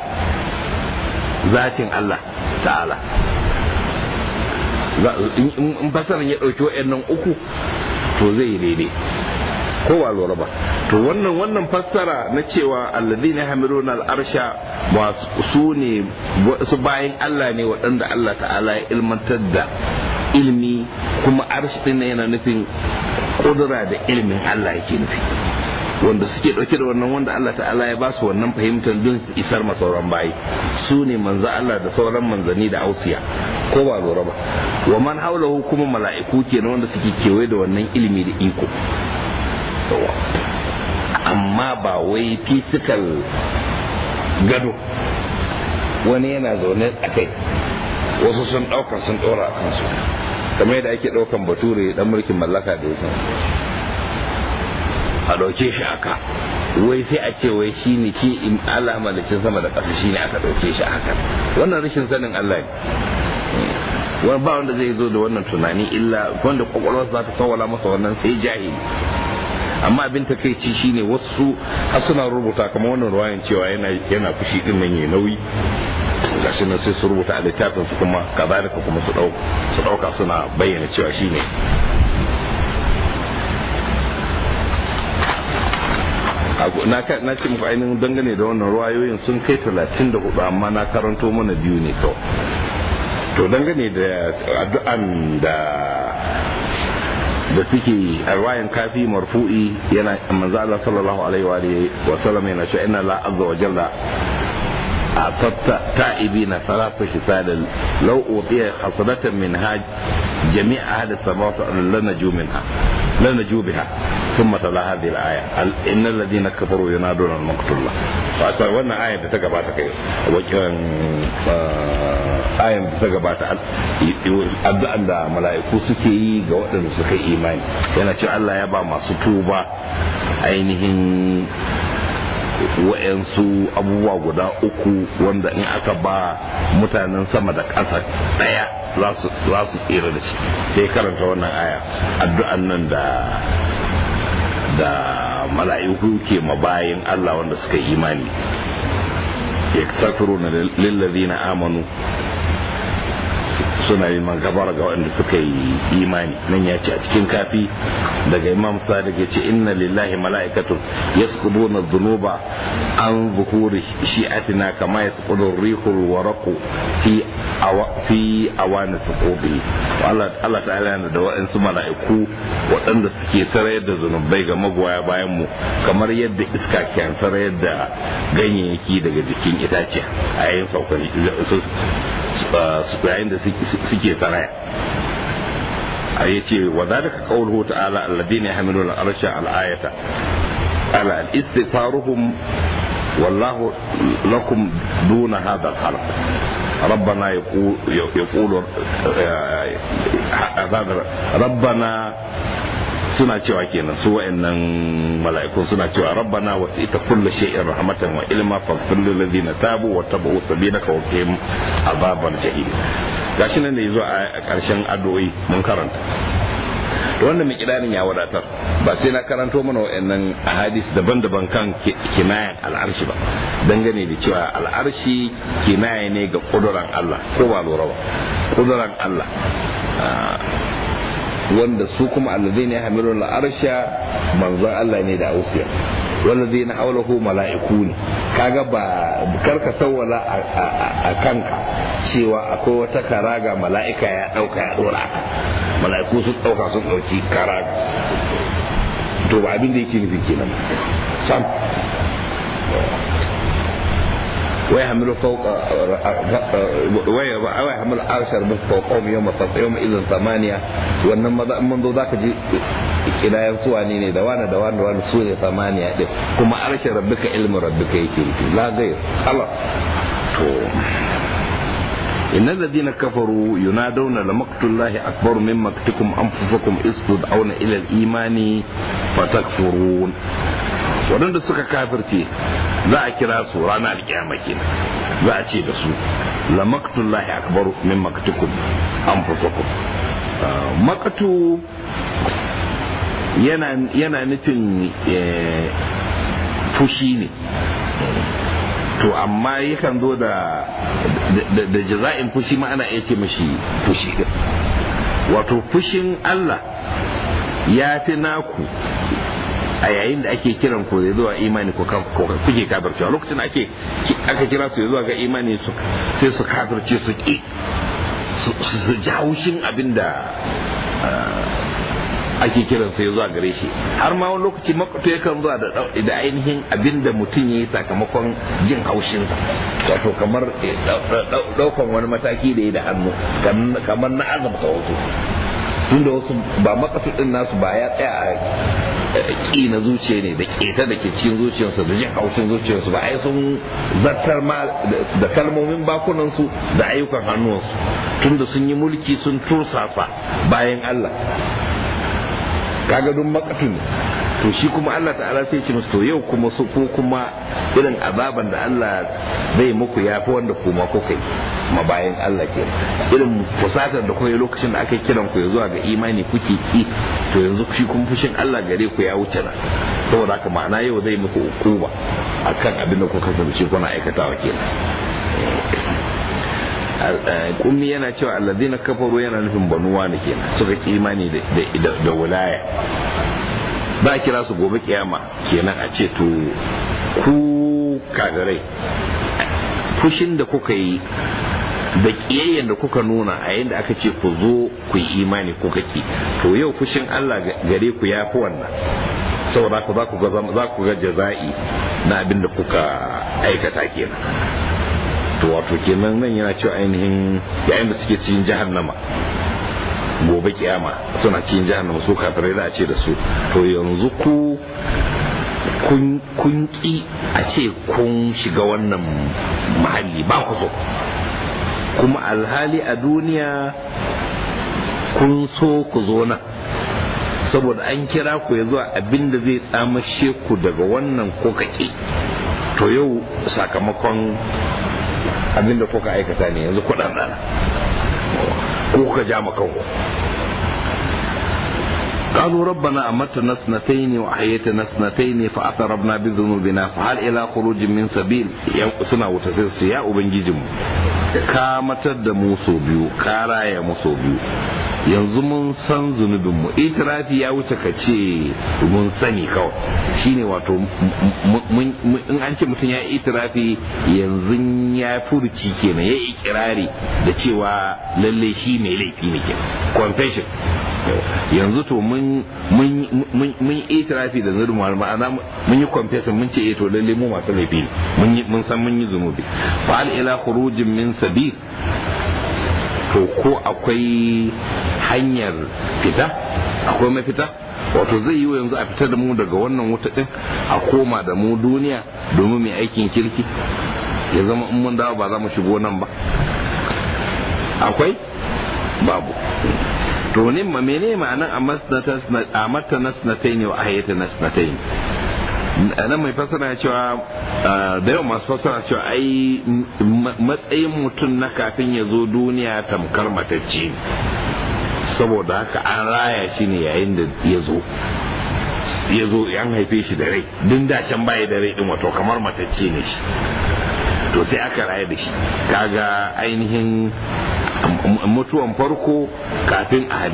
zatin Allah ta'ala in fasarin ya ɗauki wa'annan uku to zai yi daidai kowa lura ba to wannan wannan fassara na cewa alladhina hamiluna al'arsha su ne su bayan Allah ne waɗanda Allah ta'ala ya ilmantar da ilmi kuma arshi din nan yana nufin kudura da ilimin Allah yake nufi wanda suke ɗauke da wannan wanda Allah ta'ala ya ba su wannan fahimtar don su isar ma sauran bayi su ne manzo Allah da sauran manzani da ausiya ko ba lura ba wa man haulahu kuma mala'iku kenan wanda suke kewaye da wannan ilimi da iko amma ba wai fisikal gado wani yana zaune a kai wasu sun ɗauka sun ɗora a kansu kamar yadda ake ɗaukan bature dan mulkin mallaka da yake a ɗauke shi haka wai sai a ce wai shi ne shi in Allah malikin sama da ƙasa shi ne aka ɗauke shi haka wannan rashin sanin Allah ne wani ba wanda zai zo da wannan tunani illa wanda kwakwalwarsa za ta sawala masa wannan sai jahili amma abin ta shi shine wasu har rubuta kamar wannan ruwayan cewa yana yana fushi din nan yayi nauyi gashi nan sai su rubuta a littafin su kuma kazalika kuma su ɗauka suna bayyana cewa shine na ce muku ainihin dangane da wannan ruwayoyin sun kai talatin da hudu amma na karanto mana biyu ne to to dangane da addu'an da da suke arwayin kafi marfu'i yana manzo Allah sallallahu alaihi wa sallam yana cewa inna la azza wa jalla أعطت تائبين ثلاث خصال لو أوطي خصلة منها جميع أهل السماوات لنجوا منها لنجوا بها ثم تلا هذه الآية إن الذين كفروا ينادون المقتول وانا آية تتقبعتك ayan da ta gabata addu'an da mala'iku suke yi ga waɗanda suka imani yana cewa Allah ya ba masu tuba ainihin wa'yansu abubuwa guda uku wanda in aka ba mutanen sama da ƙasa ɗaya za su tsira da shi sai karanta wannan aya addu'an nan da da mala'iku ke mabayin Allah wanda suka imani yaksafiruna lillazina amanu suna yi magabara ga waɗanda suka yi imani nan ya ce a cikin kafi daga imam sadiq ya ce inna lillahi mala'ikatu yasquduna dhunuba an zuhuri shi'atina kama yasqudu rihul waraqu fi fi awani suqubi Allah ta'ala yana da waɗansu mala'iku waɗanda suke sarayar da zunubai ga magoya bayan mu kamar yadda iska ke sarayar da ganyayyaki daga jikin itace a yayin saukar yayin da suke tsaraya a ya ce wa zalika qawluhu ta'ala alladhina yahmiluna al-arsha al-ayata ala al-istighfaruhum والله لكم دون هذا الخلق ربنا يقول يقول ربنا suna cewa kenan su wa'annan mala'iku suna cewa rabbana wasita kullu shay'in rahmatan wa ilma faghfir lil ladina tabu wa tabu sabilaka wa qim ababan jahim gashi nan ne zuwa a karshen addu'o'i mun karanta to wannan kidanin ya wadatar ba sai na karanto mana wa'annan ahadis daban-daban kan kinaya al'arshi ba dangane da cewa al'arshi kinaya ne ga kuduran Allah ko ba lura ba kuduran Allah ah, wanda su kuma alladhina yahmiluna al-arsha manzo Allah ne da ausiya walladhina hawlahu mala'iku ne kaga ba karka sawwala a kanka cewa akwai wata karaga mala'ika ya dauka ya dora aka mala'iku su dauka sun dauki karaga to ba abin yake nufi kenan sam ويحمل فوق ويحمل عرش ربك فوقهم يوم يوم إذن ثمانية وإنما منذ ذاك إلى يرسواني دوانا دوانا دوانا سوني ثمانية كما عرش ربك علم ربك يكيرك لا غير خلاص إن الذين كفروا ينادون لمقت الله أكبر من مقتكم أنفسكم إذ تدعون إلى الإيمان فتكفرون waɗanda suka kafirce za a kira su ranar alƙiyama kenan za a ce da su la maqtullahi akbar min maqtikum an ah, maqtu yana yana nufin eh, fushi ne to amma yakan zo da da jaza'in fushi ma ana yace ce mashi fushi wato fushin Allah ya fi naku a yayin da ake kiran ku zuwa imani ku kuke kafircewa lokacin ake aka kira su zuwa ga imani sai su kafirce su ki su jawushin abin da eh, ake kiran sai zuwa gare shi har ma wani lokaci ya yakan zuwa da ainihin abin da mutum ya yi sakamakon jin haushinsa wato kamar daukan eh, wani mataki da ya da hannu kamar na azabta wasu tunda wasu ba din nasu ba ya tsaya ƙi na zuciya ne da ƙeta da ke cikin zuciyarsu da jin haushin zuciyarsu ba ai sun zartar ma da kalmomin bakunansu da ayyukan hannuwansu tunda sun yi mulki sun tursasa bayan Allah kaga don makatu ne to shi kuma Allah ta'ala sai ce musu to yau kuma su ko kuma irin azaban da Allah zai muku yafi wanda kuma ko kai ma bayan Allah ke irin fusatar da koyi lokacin da aka kiran ku zuwa ga imani kuke ki to yanzu shi kuma fushin Allah gare ku ya wuce na saboda haka ma'ana yau zai muku hukuma akan abin da kuka kasance kuna aikatawa kenan kummi yana cewa na kafaru yana nufin banuwa da kenan suka imani da wulaya ba a kira su gobe kiyama kenan a ce to ku kagarai fushin da kuka yi da kiyayyen da kuka nuna a yadda aka ce ku zo ku yi imani kuka ki to yau fushin Allah gare ku ya fi wannan saboda ku za ku ga jaza'i na abin da kuka aikata kenan to wato kenan nan yana cewa ainihin yayin da suke cikin jahannama gobe kiyama suna cikin jahannama su kafirai za a ce da su to yanzu ku kun ki a ce kun shiga wannan mahalli ba ku so kuma alhali a duniya kun so ku zo nan saboda an kira ku ya zuwa abin da zai tsamashe ku daga wannan kokake to yau sakamakon abinda kuka aikata ni yanzu kwaɗon ɗana ko kuka ja ma kawo. a aro raba na a marta na sanatai ne wa a yai fa a bi zanubina fa har illa kuruji min sabir suna wuta sosai ubangijin mu ka matar da mu sau biyu ka raya mu sau biyu. yanzu mun san zunubinmu itirafi ya wuce ka ce mun sani kawai shine wato in an ce mutum ya itirafi yanzu ya furci kenan ya ikirari da cewa lalle shi mai laifi ne ke confession yanzu to mun itirafi da zurmi ma'ana mun yi confession mun ce eh to lalle mu masu laifi ne mun san mun yi zunubi fa'al ila khurujin min sabil to ko akwai hanyar fita akwai mafita wato zai yi yanzu a fitar da mu daga wannan wuta din a koma da mu duniya domin mai aikin kirki ya zama in mun dawo ba za mu shigo nan ba akwai babu to ne ma mene ma'anan a matana sanatai ne wa ayyata na sanatai nan mai fasara cewa da yawan masu fasara cewa ai matsayin mutum na kafin ya zo duniya tamkar matacce saboda haka an raya shi ne yayin da ya zo ya zo an haife shi da rai din da can baya da rai din wato kamar matacce ne shi to sai aka raya da shi kaga ainihin mutuwan farko kafin a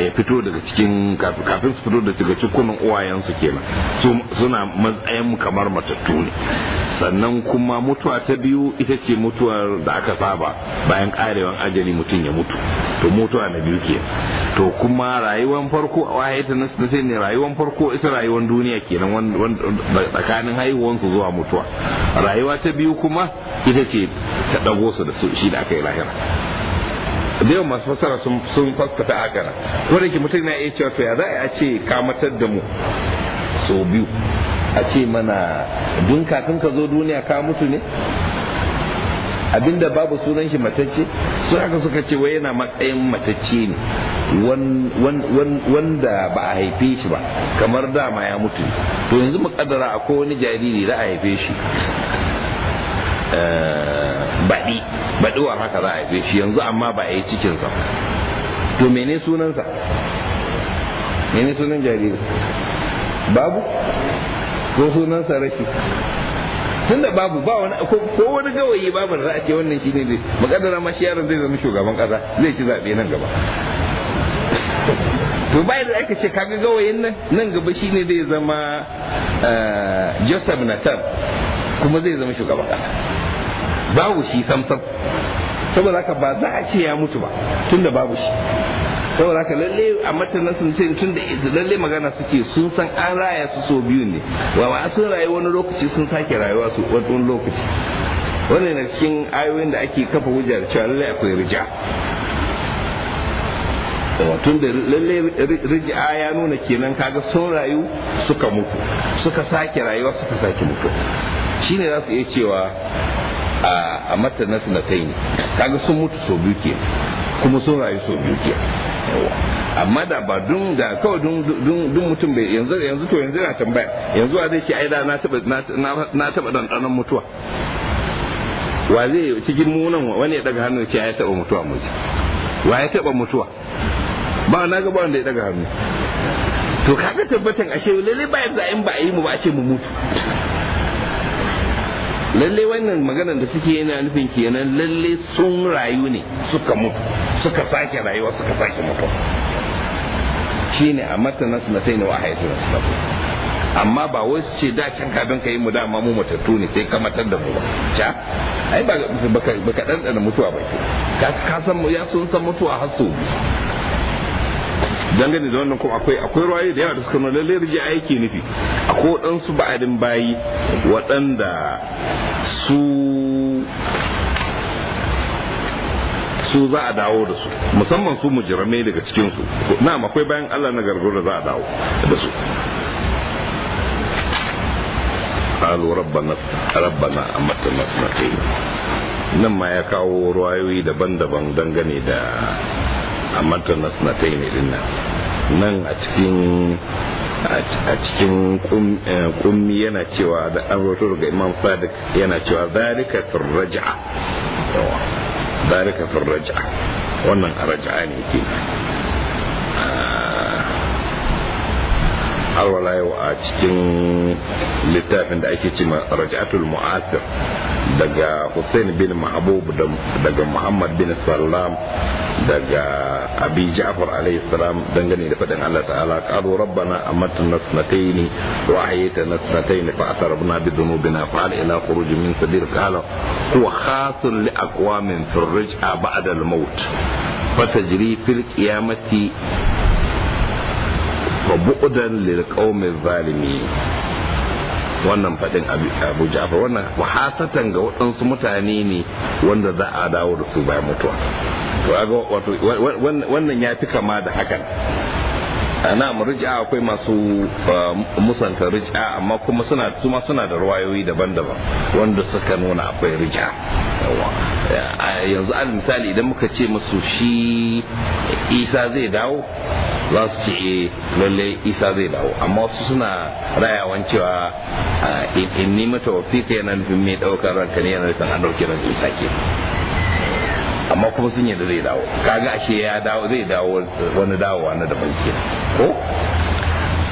ya fito daga cikin kafin su fito daga cikunan uwayensu kenan suna matsayin kamar matattu ne sannan kuma mutuwa ta biyu ita ce mutuwar da aka saba bayan karewan ajali mutum ya mutu to mutuwa na biyu ke to kuma rayuwan farko a wahayata na sai ne rayuwan farko ita rayuwan duniya kenan tsakanin haihuwansu zuwa mutuwa rayuwa ta biyu kuma ita ce ta dago su da su shi da aka yi lahira da yawan masu fassara sun fassata akara gara wadda ke mutum na iya cewa to ya za a ce kamatar da mu so biyu a ce mana dun kafin ka zo duniya ka mutu ne abinda babu sunan shi matacce sun haka suka ce wai yana matsayin matacce ne wanda ba a haife shi ba kamar dama ya mutu to yanzu mu a akwai wani jariri da a haife shi eh, baduwa haka za a yi shi yanzu amma ba a yi cikinsa to mene sunansa mene sunan jariri babu ko sunansa rashi tunda babu ba wani ko wani gawayi babu za a ce wannan shine ne makadara ma shi yaron zai zama shugaban kasa zai ci zabe nan gaba to bayan da aka ce kaga gawayin nan nan gaba shine zai zama eh, Joseph Nassar kuma zai zama shugaban kasa babu shi samsam saboda haka ba za a ce ya mutu ba tunda babu shi saboda haka lalle a matanar sun ce tun da lalle magana suke sun san an raya su so biyu ne ba ma sun rayu wani lokaci sun sake rayuwa su wani lokaci wannan na cikin ayoyin da ake kafa hujja da cewa lalle akwai rija tun da lalle rija ya nuna kenan kaga sun rayu suka mutu suka sake rayuwa suka sake mutu shine za su iya cewa a matsa na sinatai kaga sun mutu sau biyu ke kuma sun rayu sau biyu ke amma da ba dun da kawai dun mutum bai yanzu yanzu to yanzu na tambaya yanzu a zai ce ai da na taba na taba mutuwa wa zai cikin munan wani ya daga hannu ce ya taba mutuwa muji wa ya taba mutuwa ba na ga ba wanda ya daga hannu to kaga tabbatan ashe lalle ba yanzu in ba a yi mu ba a ce mu mutu lalle wannan maganar da suke yana nufin kenan lalle sun rayu ne suka mutu suka sake rayuwa suka sake mutu ne a matanas nasu na sai ne wa hayatu nasu na amma ba wai su ce da can kafin ka yi mu dama mu matattu ne sai ka matar da mu ba ca ai ba ka ɗanɗana mutuwa ba ka san ya sun san mutuwa har dangane da wannan kuma akwai akwai ruwaye da yawa da suka nuna lalle rijiya aiki nufi akwai waɗansu ba'adin bayi waɗanda su su za a dawo da su musamman su mujirame daga cikinsu na akwai bayan allah na gargar da za a dawo da su alu rabbana rabbana amata سنتين nan ma ya kawo ruwayoyi daban-daban dangane da amma to a matan nasnatai ne din nan a cikin a cikin eh, kummi yana cewa da an roto daga imam sadiq yana cewa zalika firraja'a zalika firraja'a wannan a raja'a ne ke har wala yau a cikin littafin da ake ce raj'atul mu'asir daga Hussein bin Mahbub daga Muhammad bin Salam daga Abi Ja'far alayhi salam dangane da faɗin Allah ta'ala qalu rabbana amatna nasnatayn wa ahyaytana nasnatayn fa atarabna bi dhunubina fa ila khuruj min sabil qala huwa khasun li aqwamin fi ar-rij'a ba'da al-maut فتجري wa bu'udan lil qaumi zalimi wannan fadin Abu Ja'far wannan ga waɗansu mutane ne wanda za a dawo da su bayan mutuwa to aga wato wannan ya fi kama da hakan mu ruj'a akwai masu uh, musanta rija amma kuma suna kuma suna da ruwayoyi daban-daban wanda suka nuna akwai ruj'a yanzu al misali idan muka ce musu shi isa zai dawo za su ce e lalle isa zai dawo amma wasu suna rayawan cewa ah, in ni mata wafi yana nufin mai daukar ranka ne yana nufin an dauki ranka isa ke amma kuma sun yadda zai dawo kaga ashe ya dawo zai dawo wani dawowa na daban ke ko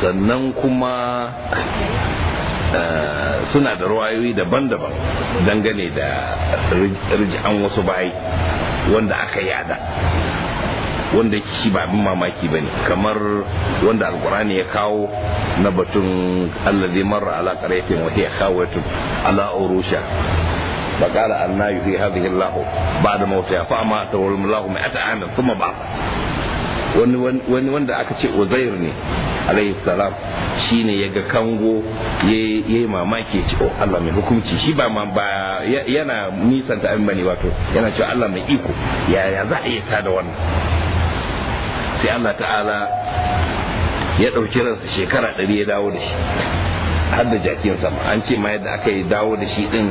sannan kuma eh, suna da ruwayoyi daban-daban dangane da rijiyar wasu bayi wanda aka yada wanda shi ba abin mamaki ba ne kamar wanda alkurani ya kawo na batun allazi marra ala mafi ya kawo ya ala ala'urusha فقال أن يحيي هذه الله بعد موتها فأماته الله مئة عام ثم بعث wani wanda aka ce uzair ne alayhi salam shine ya ga kango ya mamaki ya ce oh Allah mai hukunci shi ba ba yana nisan ta bane wato yana cewa Allah mai iko ya za a iya da wannan sai Allah ta'ala ya ɗauki ransa shekara ɗari ya dawo da shi har da jakin sama an ce ma yadda aka yi dawo da shi din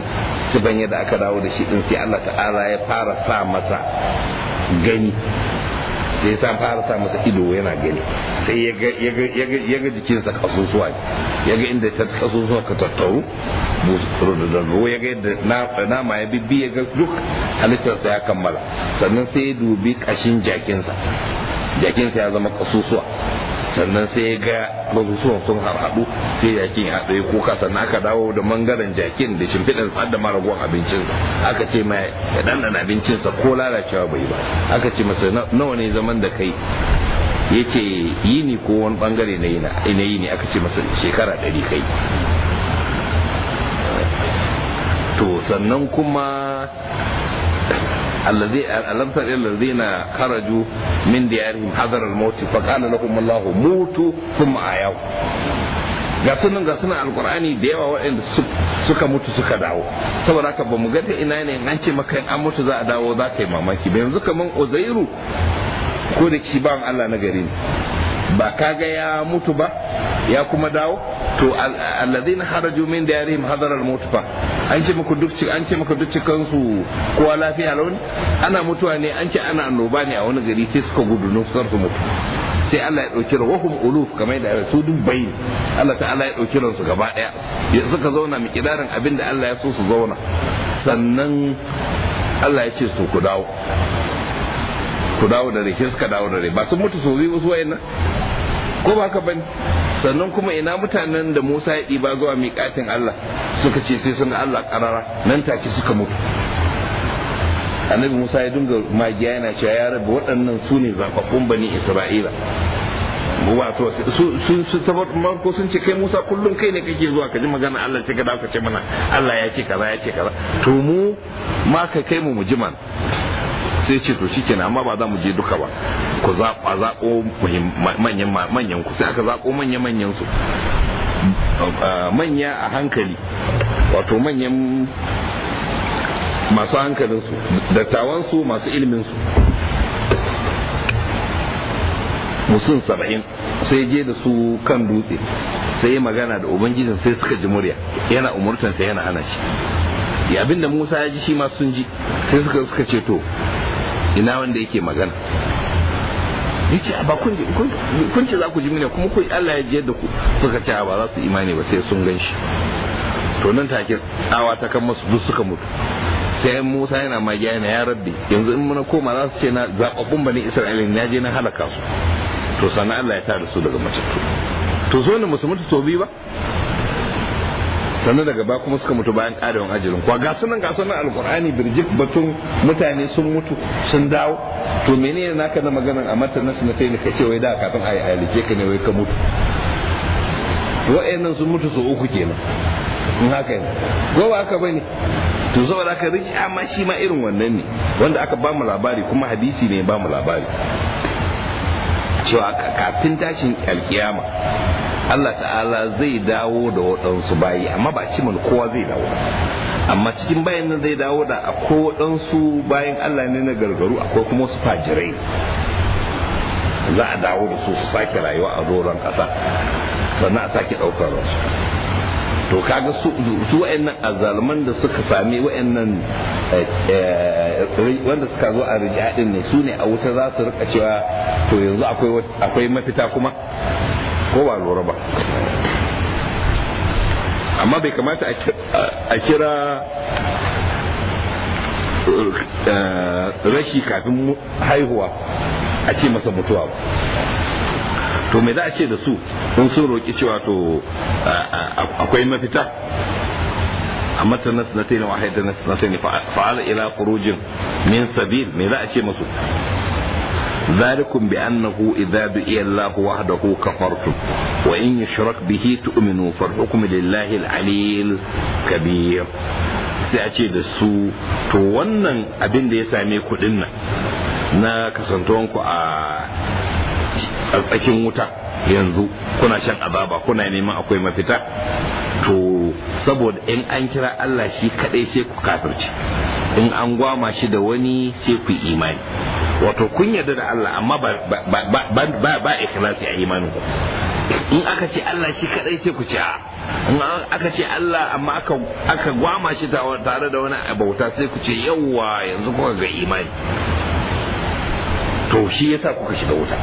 su ban yadda aka dawo da shi din sai Allah ta'ala ya fara sa masa gani sai ya fara sa masa ido yana gani sai ya ga jikinsa kasusuwa ya ga inda ta kasusuwa ka tattaru ruwa ya ga yadda nama ya bibbi ya ga duk halittarsa ya kammala sannan sai ya dubi kashin jakinsa jakinsa ya zama kasusuwa sannan sai ya ga gazusuwan sun harhaɗu sai jakin ya haɗu ko kuka sannan aka dawo da mangaren jakin da shimfiɗin tsar da maragon abincinsa aka ce ma ya ɗanɗana abincinsa ko lalacewa bai ba aka ce masa nawa ne zaman da kai ya ce yi ne ko wani bangare na yi ne aka ce masa shekara ɗari kai to sannan kuma alam tara zina kharaju min diyarihim hadar al-maut fa qala lahum Allah mutu thumma ayaw ga sunan ga sunan alqur'ani da yawa waɗanda suka mutu suka dawo saboda haka ba mu ga ina ne an ce maka an mutu za a dawo za ka yi mamaki ba yanzu kaman uzairu ko da ki ban Allah na gari ba kaga ya mutu ba ya kuma dawo to alladhina haraju min darihim hadar al mutu fa an ce muku duk an ce muku duk kansu kowa lafiya launi ana mutuwa ne an ce ana annoba ne a wani gari sai suka gudu nufsar su mutu sai Allah ya ɗauki rawahum uluf kamar da su dubbai Allah ta'ala ya ɗauki ransu gaba ɗaya ya suka zauna mu kidarin abinda Allah ya so su zauna sannan Allah ya ce su ku dawo ku dawo da rishi suka dawo da rishi ba sun mutu su biyu su wayan ko ba ka bane sannan kuma ina mutanen da Musa ya ɗiba zuwa miƙatin Allah suka ce sai sun Allah ƙarara nan take suka mutu annabi Musa ya dinga magiya yana cewa ya rabu waɗannan su ne zaɓaɓɓun bani Isra'ila wato sun su ko sun ce kai Musa kullum kai ne kake zuwa ka ji magana Allah ce ka dawo ka ce mana Allah ya ce kaza ya ce kaza to mu ma ka kai mu mu ji mana sai ce to kenan amma ba za mu je duka ba ku zaɓa zaɓo manyan manyan ku sai aka zaɓo manya manyan su manya a hankali wato manyan masu hankalinsu dattawansu masu ilminsu musun saba'in sai je da su kan dutse sai magana da ubangijin sai suka ji murya yana umurtansa yana hana shi abinda musa ya ji shi ma sun ji sai suka ce to ina wanda yake magana ya ce a bakun kun ce za ku ji mini kuma ku Allah ya jiyar da ku suka ce ba za su imani ba sai sun gan shi to nan take tsawa ta kan masu duk suka mutu sai Musa yana magiya yana ya rabbi yanzu in muna koma za su ce na zababbun bani Isra'ila na je na halaka su to sannan Allah ya tada su daga matattu to so ne musu mutu to biyu ba sannan daga ba kuma suka mutu bayan karewan ajirin kwa ga sunan ga sunan alkur'ani birjik batun mutane sun mutu sun dawo to ne naka na maganan a matan nasu na sai ka ce wai da kafin a yi halice ka ne wai ka mutu wa'annan sun mutu su uku kenan in haka yi gowa aka bane to da aka riki amma ah, shi ma irin wannan ne wanda aka ba mu labari kuma hadisi ne ba mu labari cewa kafin tashin alkiyama Allah ta'ala zai dawo da waɗansu bayi amma ba ci mana kowa zai dawo amma cikin bayan nan zai dawo da akwai waɗansu bayan Allah ne na gargaru akwai kuma wasu fajirai za a dawo da su su sake rayuwa a doron ƙasa sannan a sake ɗaukar su to kaga su su wayannan azalman da suka sami wayannan eh, eh, wanda suka zo a rijadin ne su ne a wuta za su rika cewa to yanzu akwai akwai mafita kuma ko ba lura ba amma bai kamata a kira eh, rashi kafin haihuwa a ce masa mutuwa ba to me za a ce da su in sun roƙi cewa to akwai mafita a nasu na sanatai na wahayar da na sanatai fa'ala ila kurujin min sabil me za a ce masu ذلكم بأنه إذا دعي الله وحده كفرتم وإن يشرك به تؤمنوا فالحكم لله العلي الكبير sai ce da su to wannan abin da ya same ku nan na ku a tsatsakin wuta yanzu kuna shan azaba kuna neman akwai mafita to saboda in an kira Allah shi kadai sai ku kafirci in an gwama shi da wani sai ku imani wato kun yarda da Allah amma ba ba ba ikhlasi a imanin ku in aka ce Allah shi kadai sai ku ci a in aka ce Allah amma aka aka gwama shi tare da wani bauta sai ku ce yawwa yanzu kuka ga imani to shi yasa kuka shiga wuta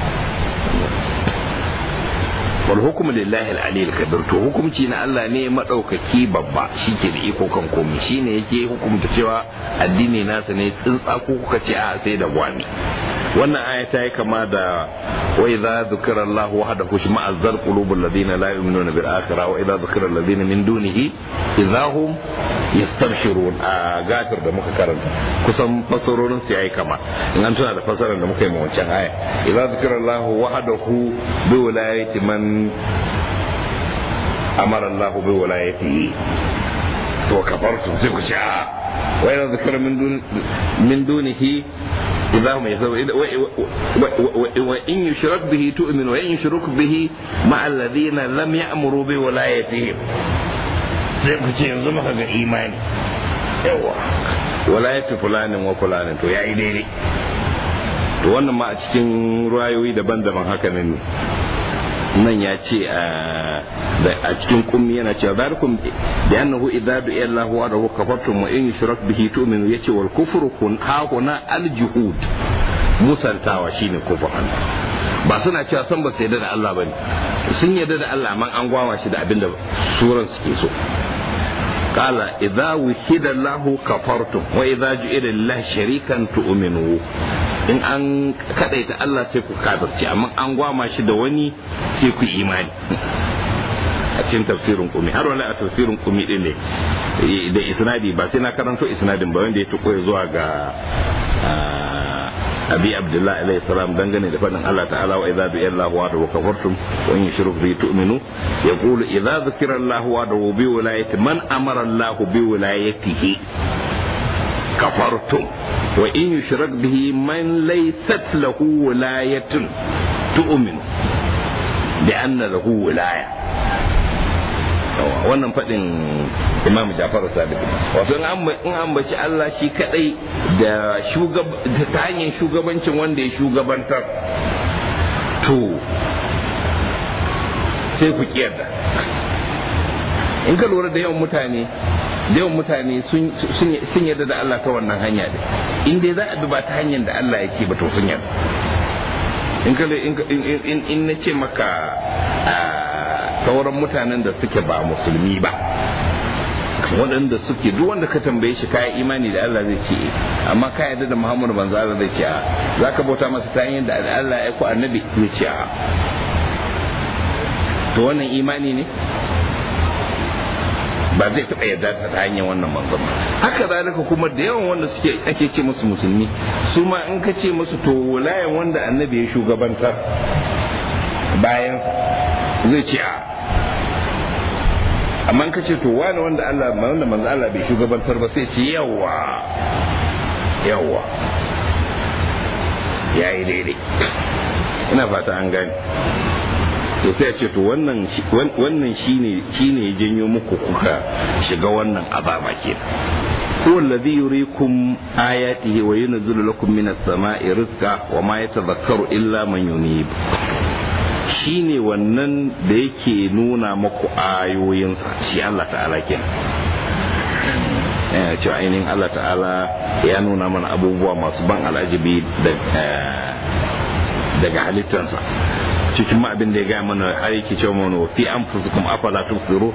wal hukmu lillahi al-aliyil kabir to hukunci na Allah ne madaukaki babba shike da iko kan komai shine yake hukunta cewa addini nasa ne tsintsa ko kuka ce a sai da gwami wannan aya ta yi kama da wa idza dhukira Allah wahdahu shma azzar qulubul ladina la yu'minuna bil akhirah wa idza dhukira alladhina min dunihi idza hum yastabshirun a gafir da muka karanta kusan fasarorin su yayi kama in an tuna da fasarar da muka yi ma wancan aya idza zikrallahu wahdahu bi wilayati man amara Allah bi wilayatihi to kafartu sai ku sha wa idza zikra min dun min dunihi idza hum yasabu wa in yushrak bihi tu'minu wa in yushrak bihi ma alladhina lam ya'muru bi wilayatihim sai ku ce yanzu muka ga imani yawa wala ya fi fulanin wa fulanin to ya yi daidai to wannan ma a cikin ruwayoyi daban-daban haka ne nan ya ce a cikin kummi yana cewa zalikum da yana hu idza du'iya Allahu wa rahu kafartum wa in yushrak bihi tu'minu yace wal kufru kun hahuna al juhud musantawa shine kufur ba suna cewa san ba su yarda da Allah bane sun yarda da Allah amma an gwawa shi da abinda suran suke so kala إذا وحد الله كفرتم وإذا جئل الله شريكا تؤمنوا in an kadaita Allah sai ku kafirci amma an gwama shi da wani sai ku imani a cikin tafsirin kumi har wala a tafsirin kumi din ne da isnadi ba sai na karanto isnadin ba wanda ya tuko zuwa ga abi abdullahi alaihi salam dangane da fadin Allah ta'ala wa idza bi Allah wa da kafartum wa in yushrik bi tu'minu yaqulu idza dhukira Allah wa da bi wilayati man amara Allah bi wilayatihi kafartum wa in yushrak bihi man laysat lahu wilayatun tu'minu bi anna lahu wilayah wannan faɗin imamu jafar sadiq wato in baci Allah shi kadai da ta hanyar shugabancin wanda ya shugabantar to sai ku kiyarda in ka lura da yawan mutane da yawan mutane sun yarda da Allah ta wannan hanya ne inda za a bi ba ta hanyar da Allah ya ce ba to sun yarda in na ce maka ah, sauran mutanen da suke ba musulmi ba waɗanda suke duk wanda ka tambaye shi kaya imani da Allah zai ce amma ka yarda da Muhammadu manzo zai ce a za ka bauta masa ta hanyar da Allah ya ko annabi zai ce a to wannan imani ne ba zai taɓa yarda ta hanyar wannan manzon ba haka zalika kuma da yawan wanda suke ake ce musu musulmi su ma in ka ce musu to wulayen wanda annabi ya shugabantar bayansa zai ce a amma ka ce to wani wanda Allah wanda manzo Allah bai shugabantar ba sai ce yawa yawa yayi daidai ina fata an gani to sai ce to wannan wannan shine shine ya janyo muku kuka shiga wannan ababa ke هو الذي يريكم آياته وينزل لكم من السماء رزقا وما يتذكر إلا من ينيب shine wannan da yake nuna maku ayoyinsa shi Allah ta'ala kenan eh, cewa ainihin Allah ta'ala ya nuna mana abubuwa masu ban al'ajibi eh, daga halittansa cikin ma abin da ya gaya mana har yake cewa mana fi an fusukum afala tusiru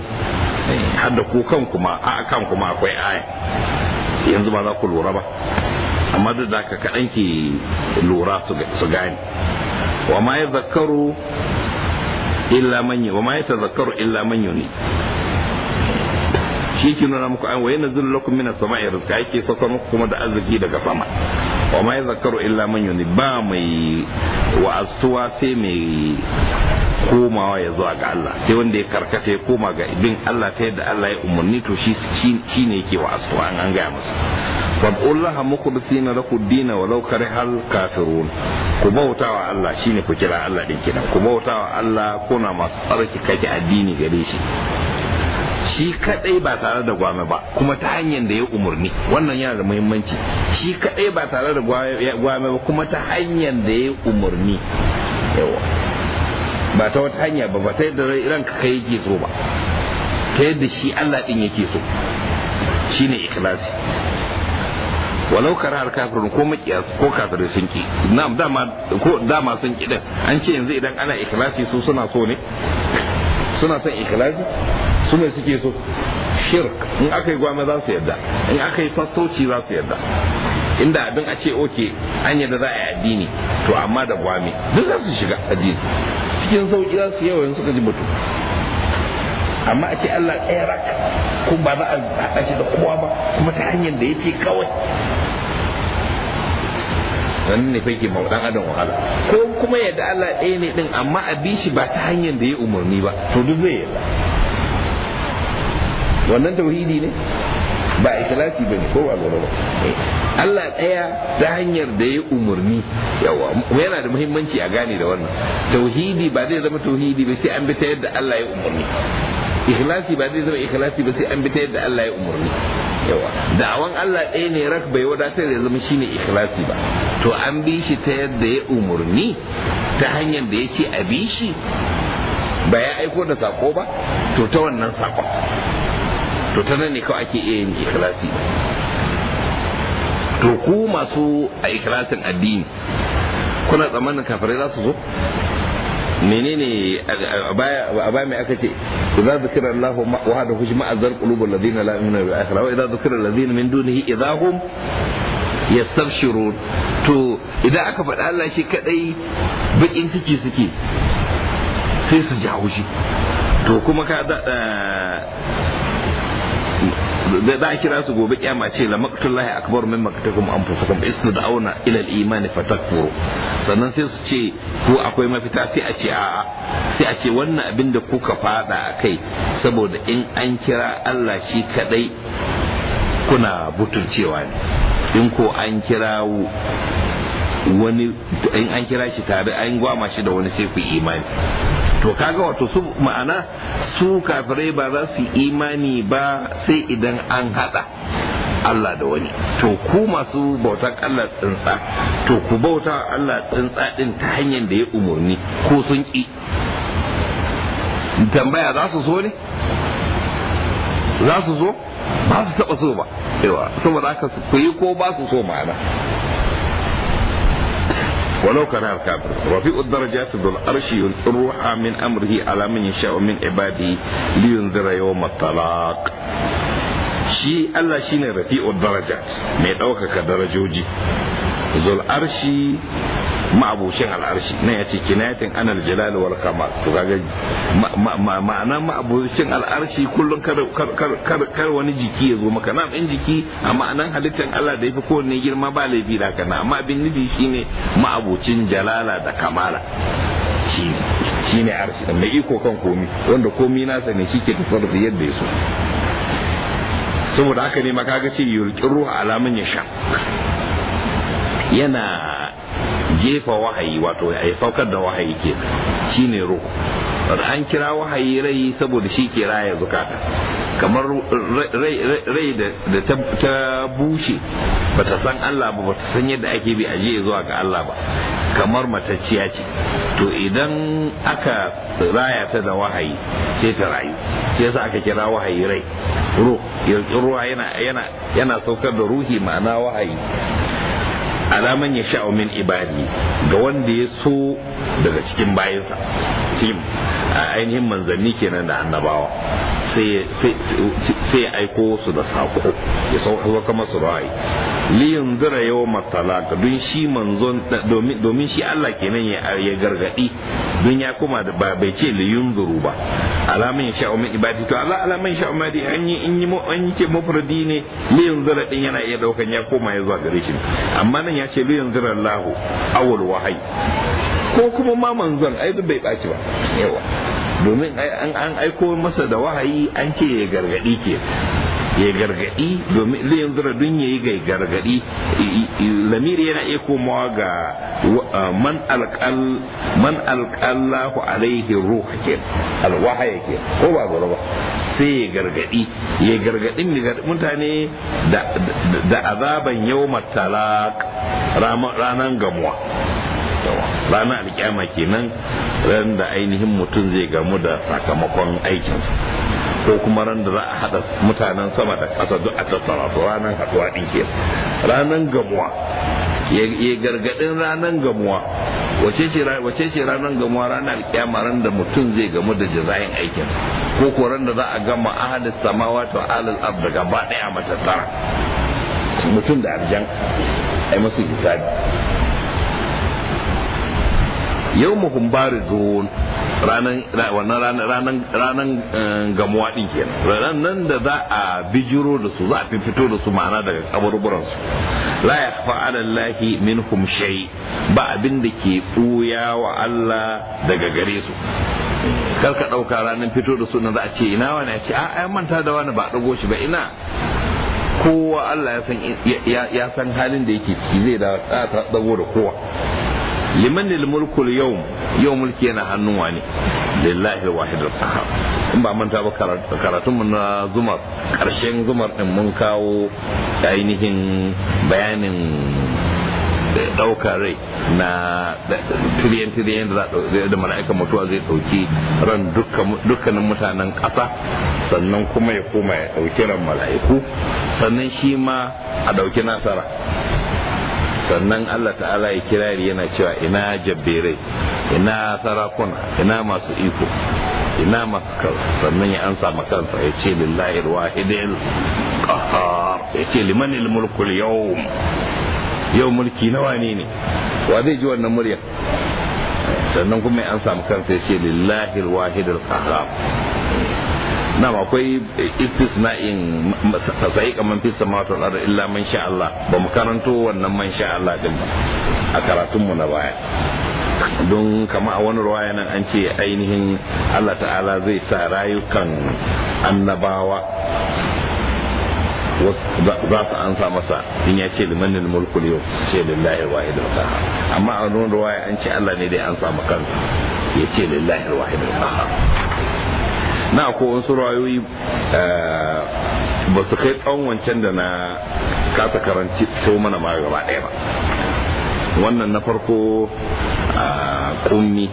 eh, har da ku kan kuma a kan kuma akwai aya yanzu ba za ku lura ba amma duk da haka kaɗan ki lura su gane wa ma ya zakaru illa man wa ma yatazakkaru illa man yuni shi ke nuna muku an waye nazil lakum minas sama'i rizqa yake saukar muku kuma da arziki daga sama wa ma zakaru illa man yuni ba mai wa'astuwa sai mai komawa ya zuwa ga Allah sai wanda ya karkata ya koma ga bin Allah ta yadda Allah ya umarni to shi shine yake wa astuwa an gaya masa fad'ullaha mukhlisina lahu wa law karihal kafirun ku bautawa Allah shine ku kira Allah din kidan ku bautawa Allah kuna masu tsarki kake addini gare shi shi kadai ba tare da gwame ba kuma ta hanyar da ya umarni wannan yana da muhimmanci shi kadai ba tare da gwame ba kuma ta hanyar da ya umarni yawa ba ta wata hanya ba ba ta yadda ranka kai yake so ba ta yadda shi Allah din yake so shi ne ikilasi walau har kafirin ko makiyas ko kafirai sun ki dama ko dama sun ki din an ce yanzu idan ana ikilasi su suna so ne suna son ikilasi su ne suke so shirk in aka yi gwamna za su yadda in aka yi sassauci za su yadda inda abin a ce oke an yadda za a yi addini to amma da gwami duk za su shiga addini cikin sauki za su yawa suka ji mutum amma a ce Allah ɗaya ko ba za a haɗa shi da kowa ba kuma ta hanyar da yake kawai wannan ne fake ma dan adam wahala ko kuma yadda Allah ɗaya ne ɗin amma a bi shi ba ta hanyar da ya umarni ba to duk zai yarda wannan tauhidi ne ba ikhlasi bane ko ba gaba ba Allah ɗaya ta hanyar da ya umarni yawa yana da muhimmanci a gane da wannan tauhidi ba zai zama tauhidi ba sai an bi ta yadda Allah ya umarni ikhlasi ba zai zama ikhlasi ba sai an bi ta yadda Allah ya umarni yawa da'awan Allah ɗaya ne rak bai wadatar da zama shine ikhlasi ba to an bi shi ta yadda ya umarni ta hanyar da ya ce a bi shi ba ya aiko da sako ba to ta wannan sakon to ta nan ne kawai ake iya yin ikhlasi to ku masu a ikhlasin addini kuna tsammanin kafirai za su zo menene a baya mai aka ce idza zikra Allah wa wahdahu jama'a zal qulubul ladina la yu'minuna bil akhirah wa idza zikra alladhina min dunihi idza hum yastabshirun to idan aka faɗa Allah shi kadai bakin ciki suke sai su jawo shi to kuma ka eh, da za a kira su gobe kiyama ce la maqtullahi akbar min maqtakum anfusakum istad'una ila al-iman fatakfuru sannan sai su ce ko akwai mafita sai a ce a'a sai a ce wannan abin da kuka fada kai saboda in an kira Allah shi kadai kuna butulcewa ne in ko an kira wani in an kira shi tare an gwama shi da wani sai ku imani to kaga wato su ma'ana su kafirai ba za su imani ba sai idan an hada Allah da wani to ku masu bauta Allah tsintsa to ku bauta Allah tsintsa din ta hanyar da ya umarni ko sun ki tambaya za su so ne za su so ba su taba so ba yawa saboda haka su yi ko ba su so ma'ana ولو كان الكافر رفيع الدرجات ذو العرش الروح من امره على من يشاء من عباده لينذر يوم الطلاق شي الله shine rafi'ud الدرجات ما ɗaukaka darajoji ذو العرش ma'abucin al'arshi nan ya ce kinayatin anal jalal wal kamal to kaga ma'ana ma'abucin al'arshi kullum kar wani jiki ya zo maka nan in jiki a ma'anan halittar Allah da yafi kowanne girma ba laifi da kana amma abin nabi shine ma'abucin jalala da kamala shine shine arshi mai iko kan komi wanda komi nasa ne shike da yadda ya so saboda haka ne maka ga ce yulkin ruha alamun ya sha yana jefa wahayi wato ya saukar da wahayi ke shine ruhu an kira wahayi rai saboda shi ke raya zukata kamar rai da ta bushe bata san Allah ba ba ta san yadda ake bi aje zuwa ga Allah ba kamar matacciya ce to idan aka raya ta da wahayi sai ta rayu sai yasa aka kira wahayi rai ruwa yana saukar da ruhi ma'ana wahayi alaman ya sha min ibadi ga wanda ya so daga cikin bayansa cikin ainihin manzanni kenan da annabawa sai ya aiko su da sako ya sauko kama su ra'ayi liyan zira yau matalaka don shi manzon domin shi Allah kenan ya gargadi don ya kuma da ba bai ce liyun zuru ba alaman ya sha'o min ibadi to Allah alaman sha min an yi ce mufradi ne liyan zira din yana iya daukan ya koma ya zuwa gare shi amma nan qur'anin ya ce li yanzira Allahu awwal ko kuma ma manzon ai duk bai baci ba yawa domin an aiko masa da wahayi an ce ya gargadi ke ya gargadi domin yanzu zura dun yayi ga gargadi lamiri yana iya komawa ga man alƙallahu man alqallahu alaihi ruha ke ya ke ko ba zuwa ba sai ya gargadi ya gargadi mutane da azaban yau talaq ranan gamuwa ranar alƙyama kenan ran da ainihin mutum zai gamu da sakamakon aikinsa ko kuma ran da za a haɗa mutanen sama da kasa duk a tattara su ranar haduwa din ke ranar gamuwa ya gargadin ranar gamuwa wace ce ranar gamuwa ranar kyama ran da mutum zai gamu da jazayin aikinsa ko ko ran da za a gama ahalis samawa to al abda gaba a matattara mutum da arjan ai masu hisabi yau muhun bari zuwa ranan eh, gamuwa ɗin ke ranan da za a bijiro da su za a fito da su ma'ana daga kaburburan su la yakhfa 'ala min minhum shay ba abin da ke buya wa Allah daga gare su kar ka dauka ranan fito da su nan za a ce ina wani ya ce a manta da wani ba dago shi ba ina kowa Allah ya san halin da yake ciki zai da dago da kowa liman mulkul yau yau mulki yana hannun wani lillahi wahid al in ba manta ba karatun mu na zumar karshen zumar din mun kawo ainihin bayanin daukar rai na tiriyan tiriyan da da mala'ikan mutuwa zai dauki ran dukkanin mutanen ƙasa sannan kuma ya koma ya dauki ran mala'iku sannan shi ma a dauki nasara sannan Allah ta'ala ya kirari yana cewa ina jabberai ina sarakuna ina masu iko ina masu kaza sannan ya ansa makansa ya ce lillahi wahidil qahar ya ce liman mulkul yawm yau mulki na wane ne wa zai ji wannan murya sannan kuma ya ansa makansa ya ce lillahi wahidil qahar na'am akwai istisna'in sai kamar fi samawati wal illa man sha Allah ba mu karanto wannan man sha Allah din ba a karatun mu na baya don kama a wani ruwaya nan an ce ainihin Allah ta'ala zai sa rayukan annabawa za su an sa masa in ya ce limanin mulku yau su ce lillahi wahid qahar amma a wani ruwaya an ce Allah ne dai an sa kansa ya ce lillahi wahid qahar na ko wasu rayoyi eh, ba su kai tsawon wancan da na kasa karanci sau mana ma gaba ɗaya ba wannan na farko a eh, kummi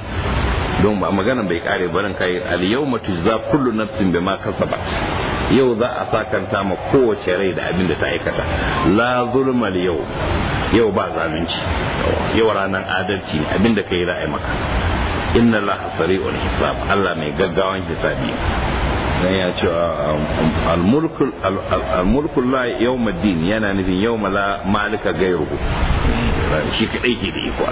don ba magana bai kare barin kai al-yawma tujza kullu nafsin bima kasabat yau za a sakanta ma kowace rai da abin da ta aikata la zulma yau yau ba zalunci yau ranar adalci ne abin da kai ra'ayi maka inna allaha sari'ul hisab Allah mai gaggawan hisabi dan ya ce ah, ah, al-mulku la yawma din yana nufin yawma la malika gairuhu shi kadai ke da iko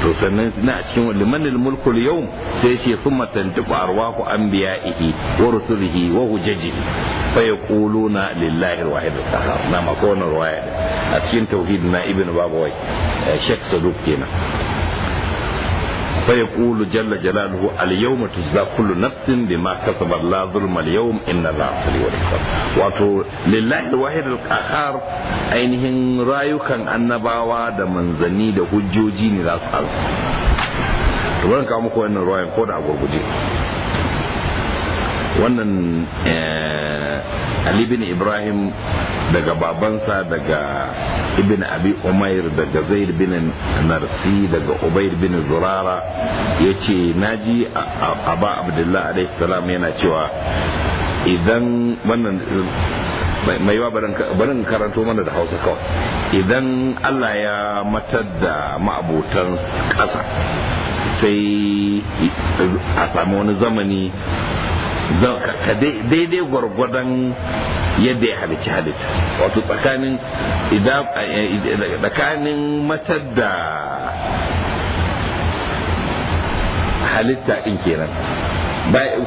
to sannan na cikin liman al-mulku al-yawm sai shi thumma tantiqu arwahu anbiya'ihi wa rusulihi wa hujajihi fa yaquluna lillahi al-wahid al-qahhar na makon riwaya a cikin tauhid na ibnu babawai eh, shek saduq kenan فيقول جل جلاله اليوم تجزى كل نفس بما كسبت لا ظلم اليوم ان الله سريع الحساب واتو لله الواحد القهار ainihin rayukan annabawa da manzani da hujjoji ne za su ansa to bari kawo muku wannan ruwayan ko da a gurguje wannan ali bin ibrahim daga babansa daga ibn abi umair daga zaid bin narsi daga ubaid bin zurara ya ce naji aba Abdullahi alaihi salam yana cewa idan wannan mai yawa barin karanto mana da hausa kawai idan allah ya matar da ma'abutan ƙasa sai a sami wani zamani ka daidai gwargwadon yadda ya halici halitta wato tsakanin tsakanin matar da halitta ɗin kenan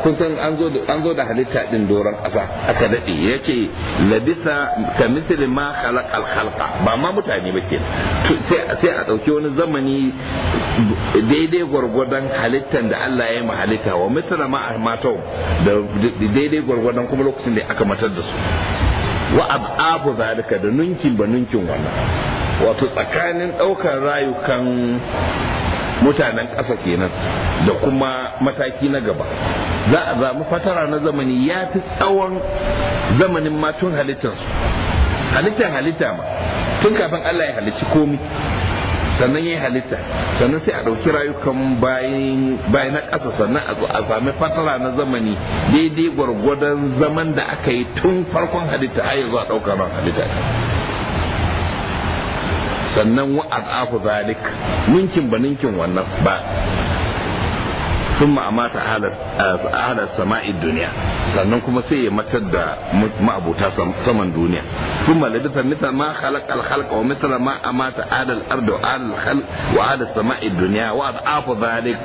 kun san an zo da halitta din doron ƙasa aka daɗe yace ce labisa ka misali ma al khalqa ba ma mutane ba ke sai a ɗauki wani zamani daidai gwargwadon halittan da Allah ya yi halitta wa misali ma matau da daidai gwargwadon kuma lokacin da aka matar da su wa abu zalika da nunkin ba nunkin wannan wato tsakanin ɗaukar rayukan mutanen ƙasa kenan da kuma mataki na gaba za a zamu fatara na zamani ya fi tsawon zamanin matun halittarsu halittar halitta ma tun kafin Allah ya halicci komi sannan ya halitta sannan sai a ɗauki rayukan bayan na ƙasa sannan a sami fatara na zamani daidai gwargwadon zaman da aka yi tun farkon halitta a yanzu a ɗaukar halitta sannan wa afu zalik ninkin ba ninkin wannan ba sun ma'amata ahalar sama'i duniya sannan kuma sai ya matar da ma'abuta saman duniya sun malabita mita ma al alhalka wa mita ma amata adal arda wa adal sama'in duniya wa afu zalik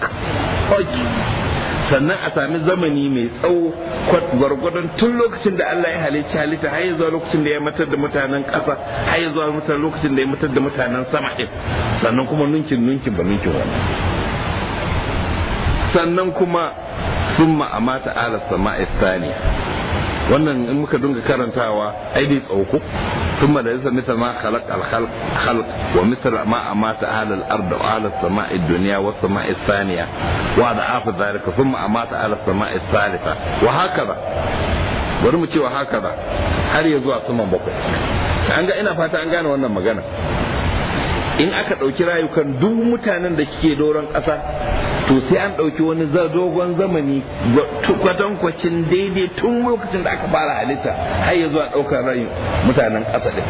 sannan a sami zamani mai tsawo gwargwadon tun lokacin da Allah ya halicci halitta har zuwa lokacin da ya matar da mutanen ƙasa har zuwa lokacin da ya matar da mutanen sama din sannan kuma nunkin nunkin ba nunkin wani sannan kuma summa amata ala sama'i thaniya wannan in muka dunga karantawa ai dai tsauko kuma da yasa misal ma khalaq al khalq khalq wa misal ma amata ahl al ard wa ahl al sama' al dunya wa sama' al thaniya wa da afa zalika thumma amata ahl al sama' al thalitha wa hakaza bari mu ce cewa hakaza har ya zuwa sama bakwai an ga ina fata an gane wannan magana in aka dauki rayukan duk mutanen da ke doron kasa to sai an ɗauki wani dogon zamani kwatankwacin daidai tun lokacin da aka fara halitta har ya zuwa ɗaukar rayu mutanen ƙasa ɗin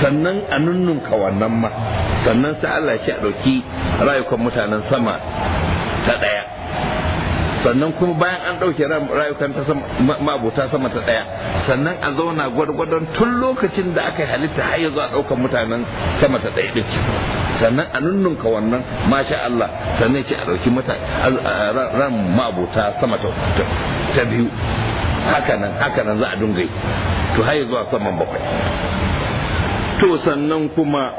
sannan a nunnunka wannan ma sannan sai Allah ce a ɗauki rayukan mutanen sama ta ɗaya sannan kuma bayan an ɗauke rayukan ta mabuta sama ta ɗaya sannan a zauna gwargwadon tun lokacin da aka halitta har yanzu a ɗaukar mutanen sama ta ɗaya ɗin sannan a nunnunka wannan masha Allah sannan ce a ɗauki ran mabuta sama ta biyu hakanan hakanan za a dunga yi to har zuwa saman bakwai to sannan kuma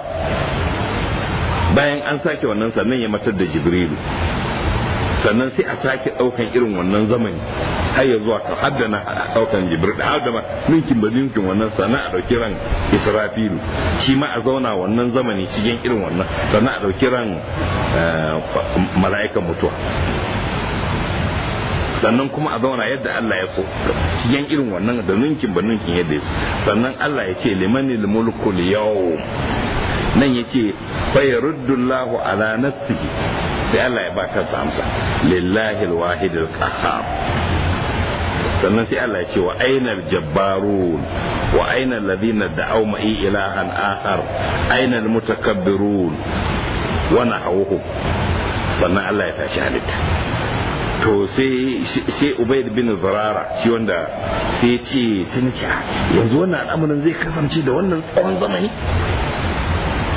bayan an sake wannan sannan ya matar da jibrilu sannan sai a sake daukan irin wannan zamani har ya zuwa ta haddana daukan jibril adama ninkin ba ninkin wannan sannan a dauki ran israfilu shi ma a zauna wannan zamani cikin irin wannan sannan a dauki ran eh, mala'ikan mutuwa sannan kuma a zauna yadda Allah ya so cikin irin wannan da ninkin ba ninkin yadda ya so sannan Allah ya ce limanil mulku yau nan ya ce fa yaruddullahu ala nafsihi sai Allah ya ba kansa amsa lillahi alwahidil qahhar sannan sai Allah ya ce wa ainal jabbarun wa ainal ladina da'aw ilahan akhar ainal mutakabbirun wa sannan Allah ya tashi halitta to sai ubaid bin zarara shi wanda sai ce ce ah, yanzu wannan al'amarin zai kasance da wannan tsawon zamani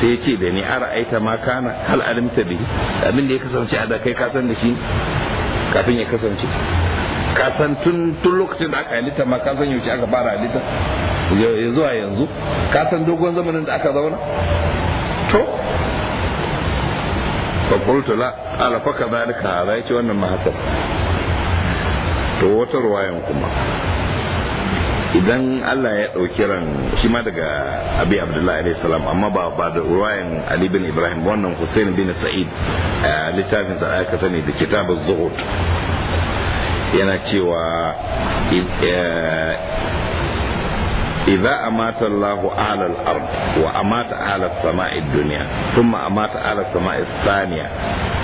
sai ya ce da ni ara aita ma kana hal alimta bihi abin da ya kasance a da kai ka san da shi kafin ya kasance ka san tun tun lokacin da aka halitta ma ka san yaushe aka fara halitta ya zuwa yanzu ka san dogon zamanin da aka zauna to fakultu la ala faka zalika ya ce wannan ma haka to wata ruwayan kuma idan Allah ya ɗauki ran shi ma daga abi abdullahi alaihi salam amma ba ba da ruwayan ali bin ibrahim wannan hussein bin sa'id a littafin sa aka sani da kitabuz zuhud yana cewa إذا أمات الله أهل الأرض وأمات أهل السماء الدنيا ثم أمات أهل السماء الثانية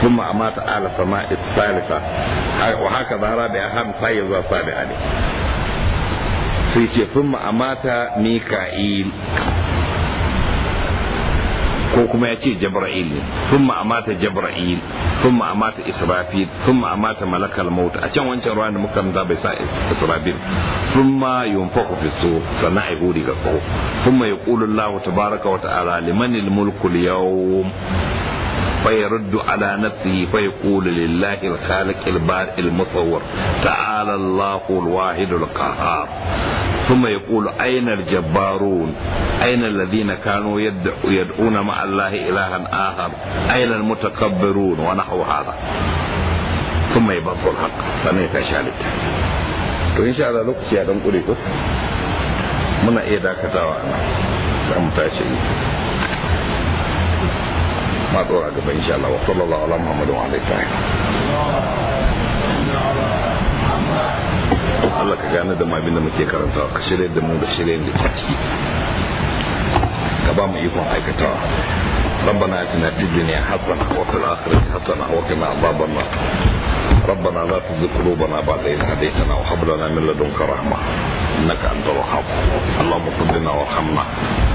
ثم أمات أهل السماء الثالثة وهكذا رابعة خامسة يزوى سابعة sai ce sun ma'amata mika'il ko kuma ya ce jabra'il ne sun ma'amata jabra'il sun amata israfil sun amata malakal mauta a can wancan ruwan da muka da bai sa israfil sun ma yunfaku fi so sannan a yi ga kaho sun ma ya ƙulun lahu tabaraka wa ta'ala mulku mulkul yawm فيرد على نفسه فيقول لله الخالق البارئ المصور تعالى الله الواحد القهار ثم يقول أين الجبارون أين الذين كانوا يدعون مع الله إلها آخر أين المتكبرون ونحو هذا ثم يبطل الحق sannan يتشالت وإن شاء الله insha يا lokaci من dan kure ko muna ma gaba insha Allah wa sallallahu ala Muhammad wa alihi Allah ka gane da ma abinda muke karantawa ka shirye da mu da shirye da ke ciki ka ba mu ikon aikatawa ربنا اتنا في الدنيا حسنه وفي الاخره حسنه وقنا عذاب النار ربنا لا تزغ قلوبنا بعد إذ هديتنا وهب لنا من لدنك رحمة إنك أنت الوهاب اللهم اغفر لنا وارحمنا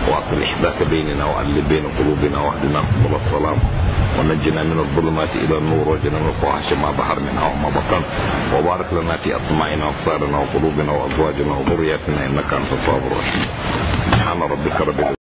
وأصلح ذات بيننا وألف بين قلوبنا واهدنا سبل السلام ونجنا من الظلمات إلى النور وجنا من الفواحش ما ظهر منها وما بطن وبارك لنا في أسمائنا وأبصارنا وقلوبنا وأزواجنا وذرياتنا إنك أنت التواب الرحيم سبحان ربك رب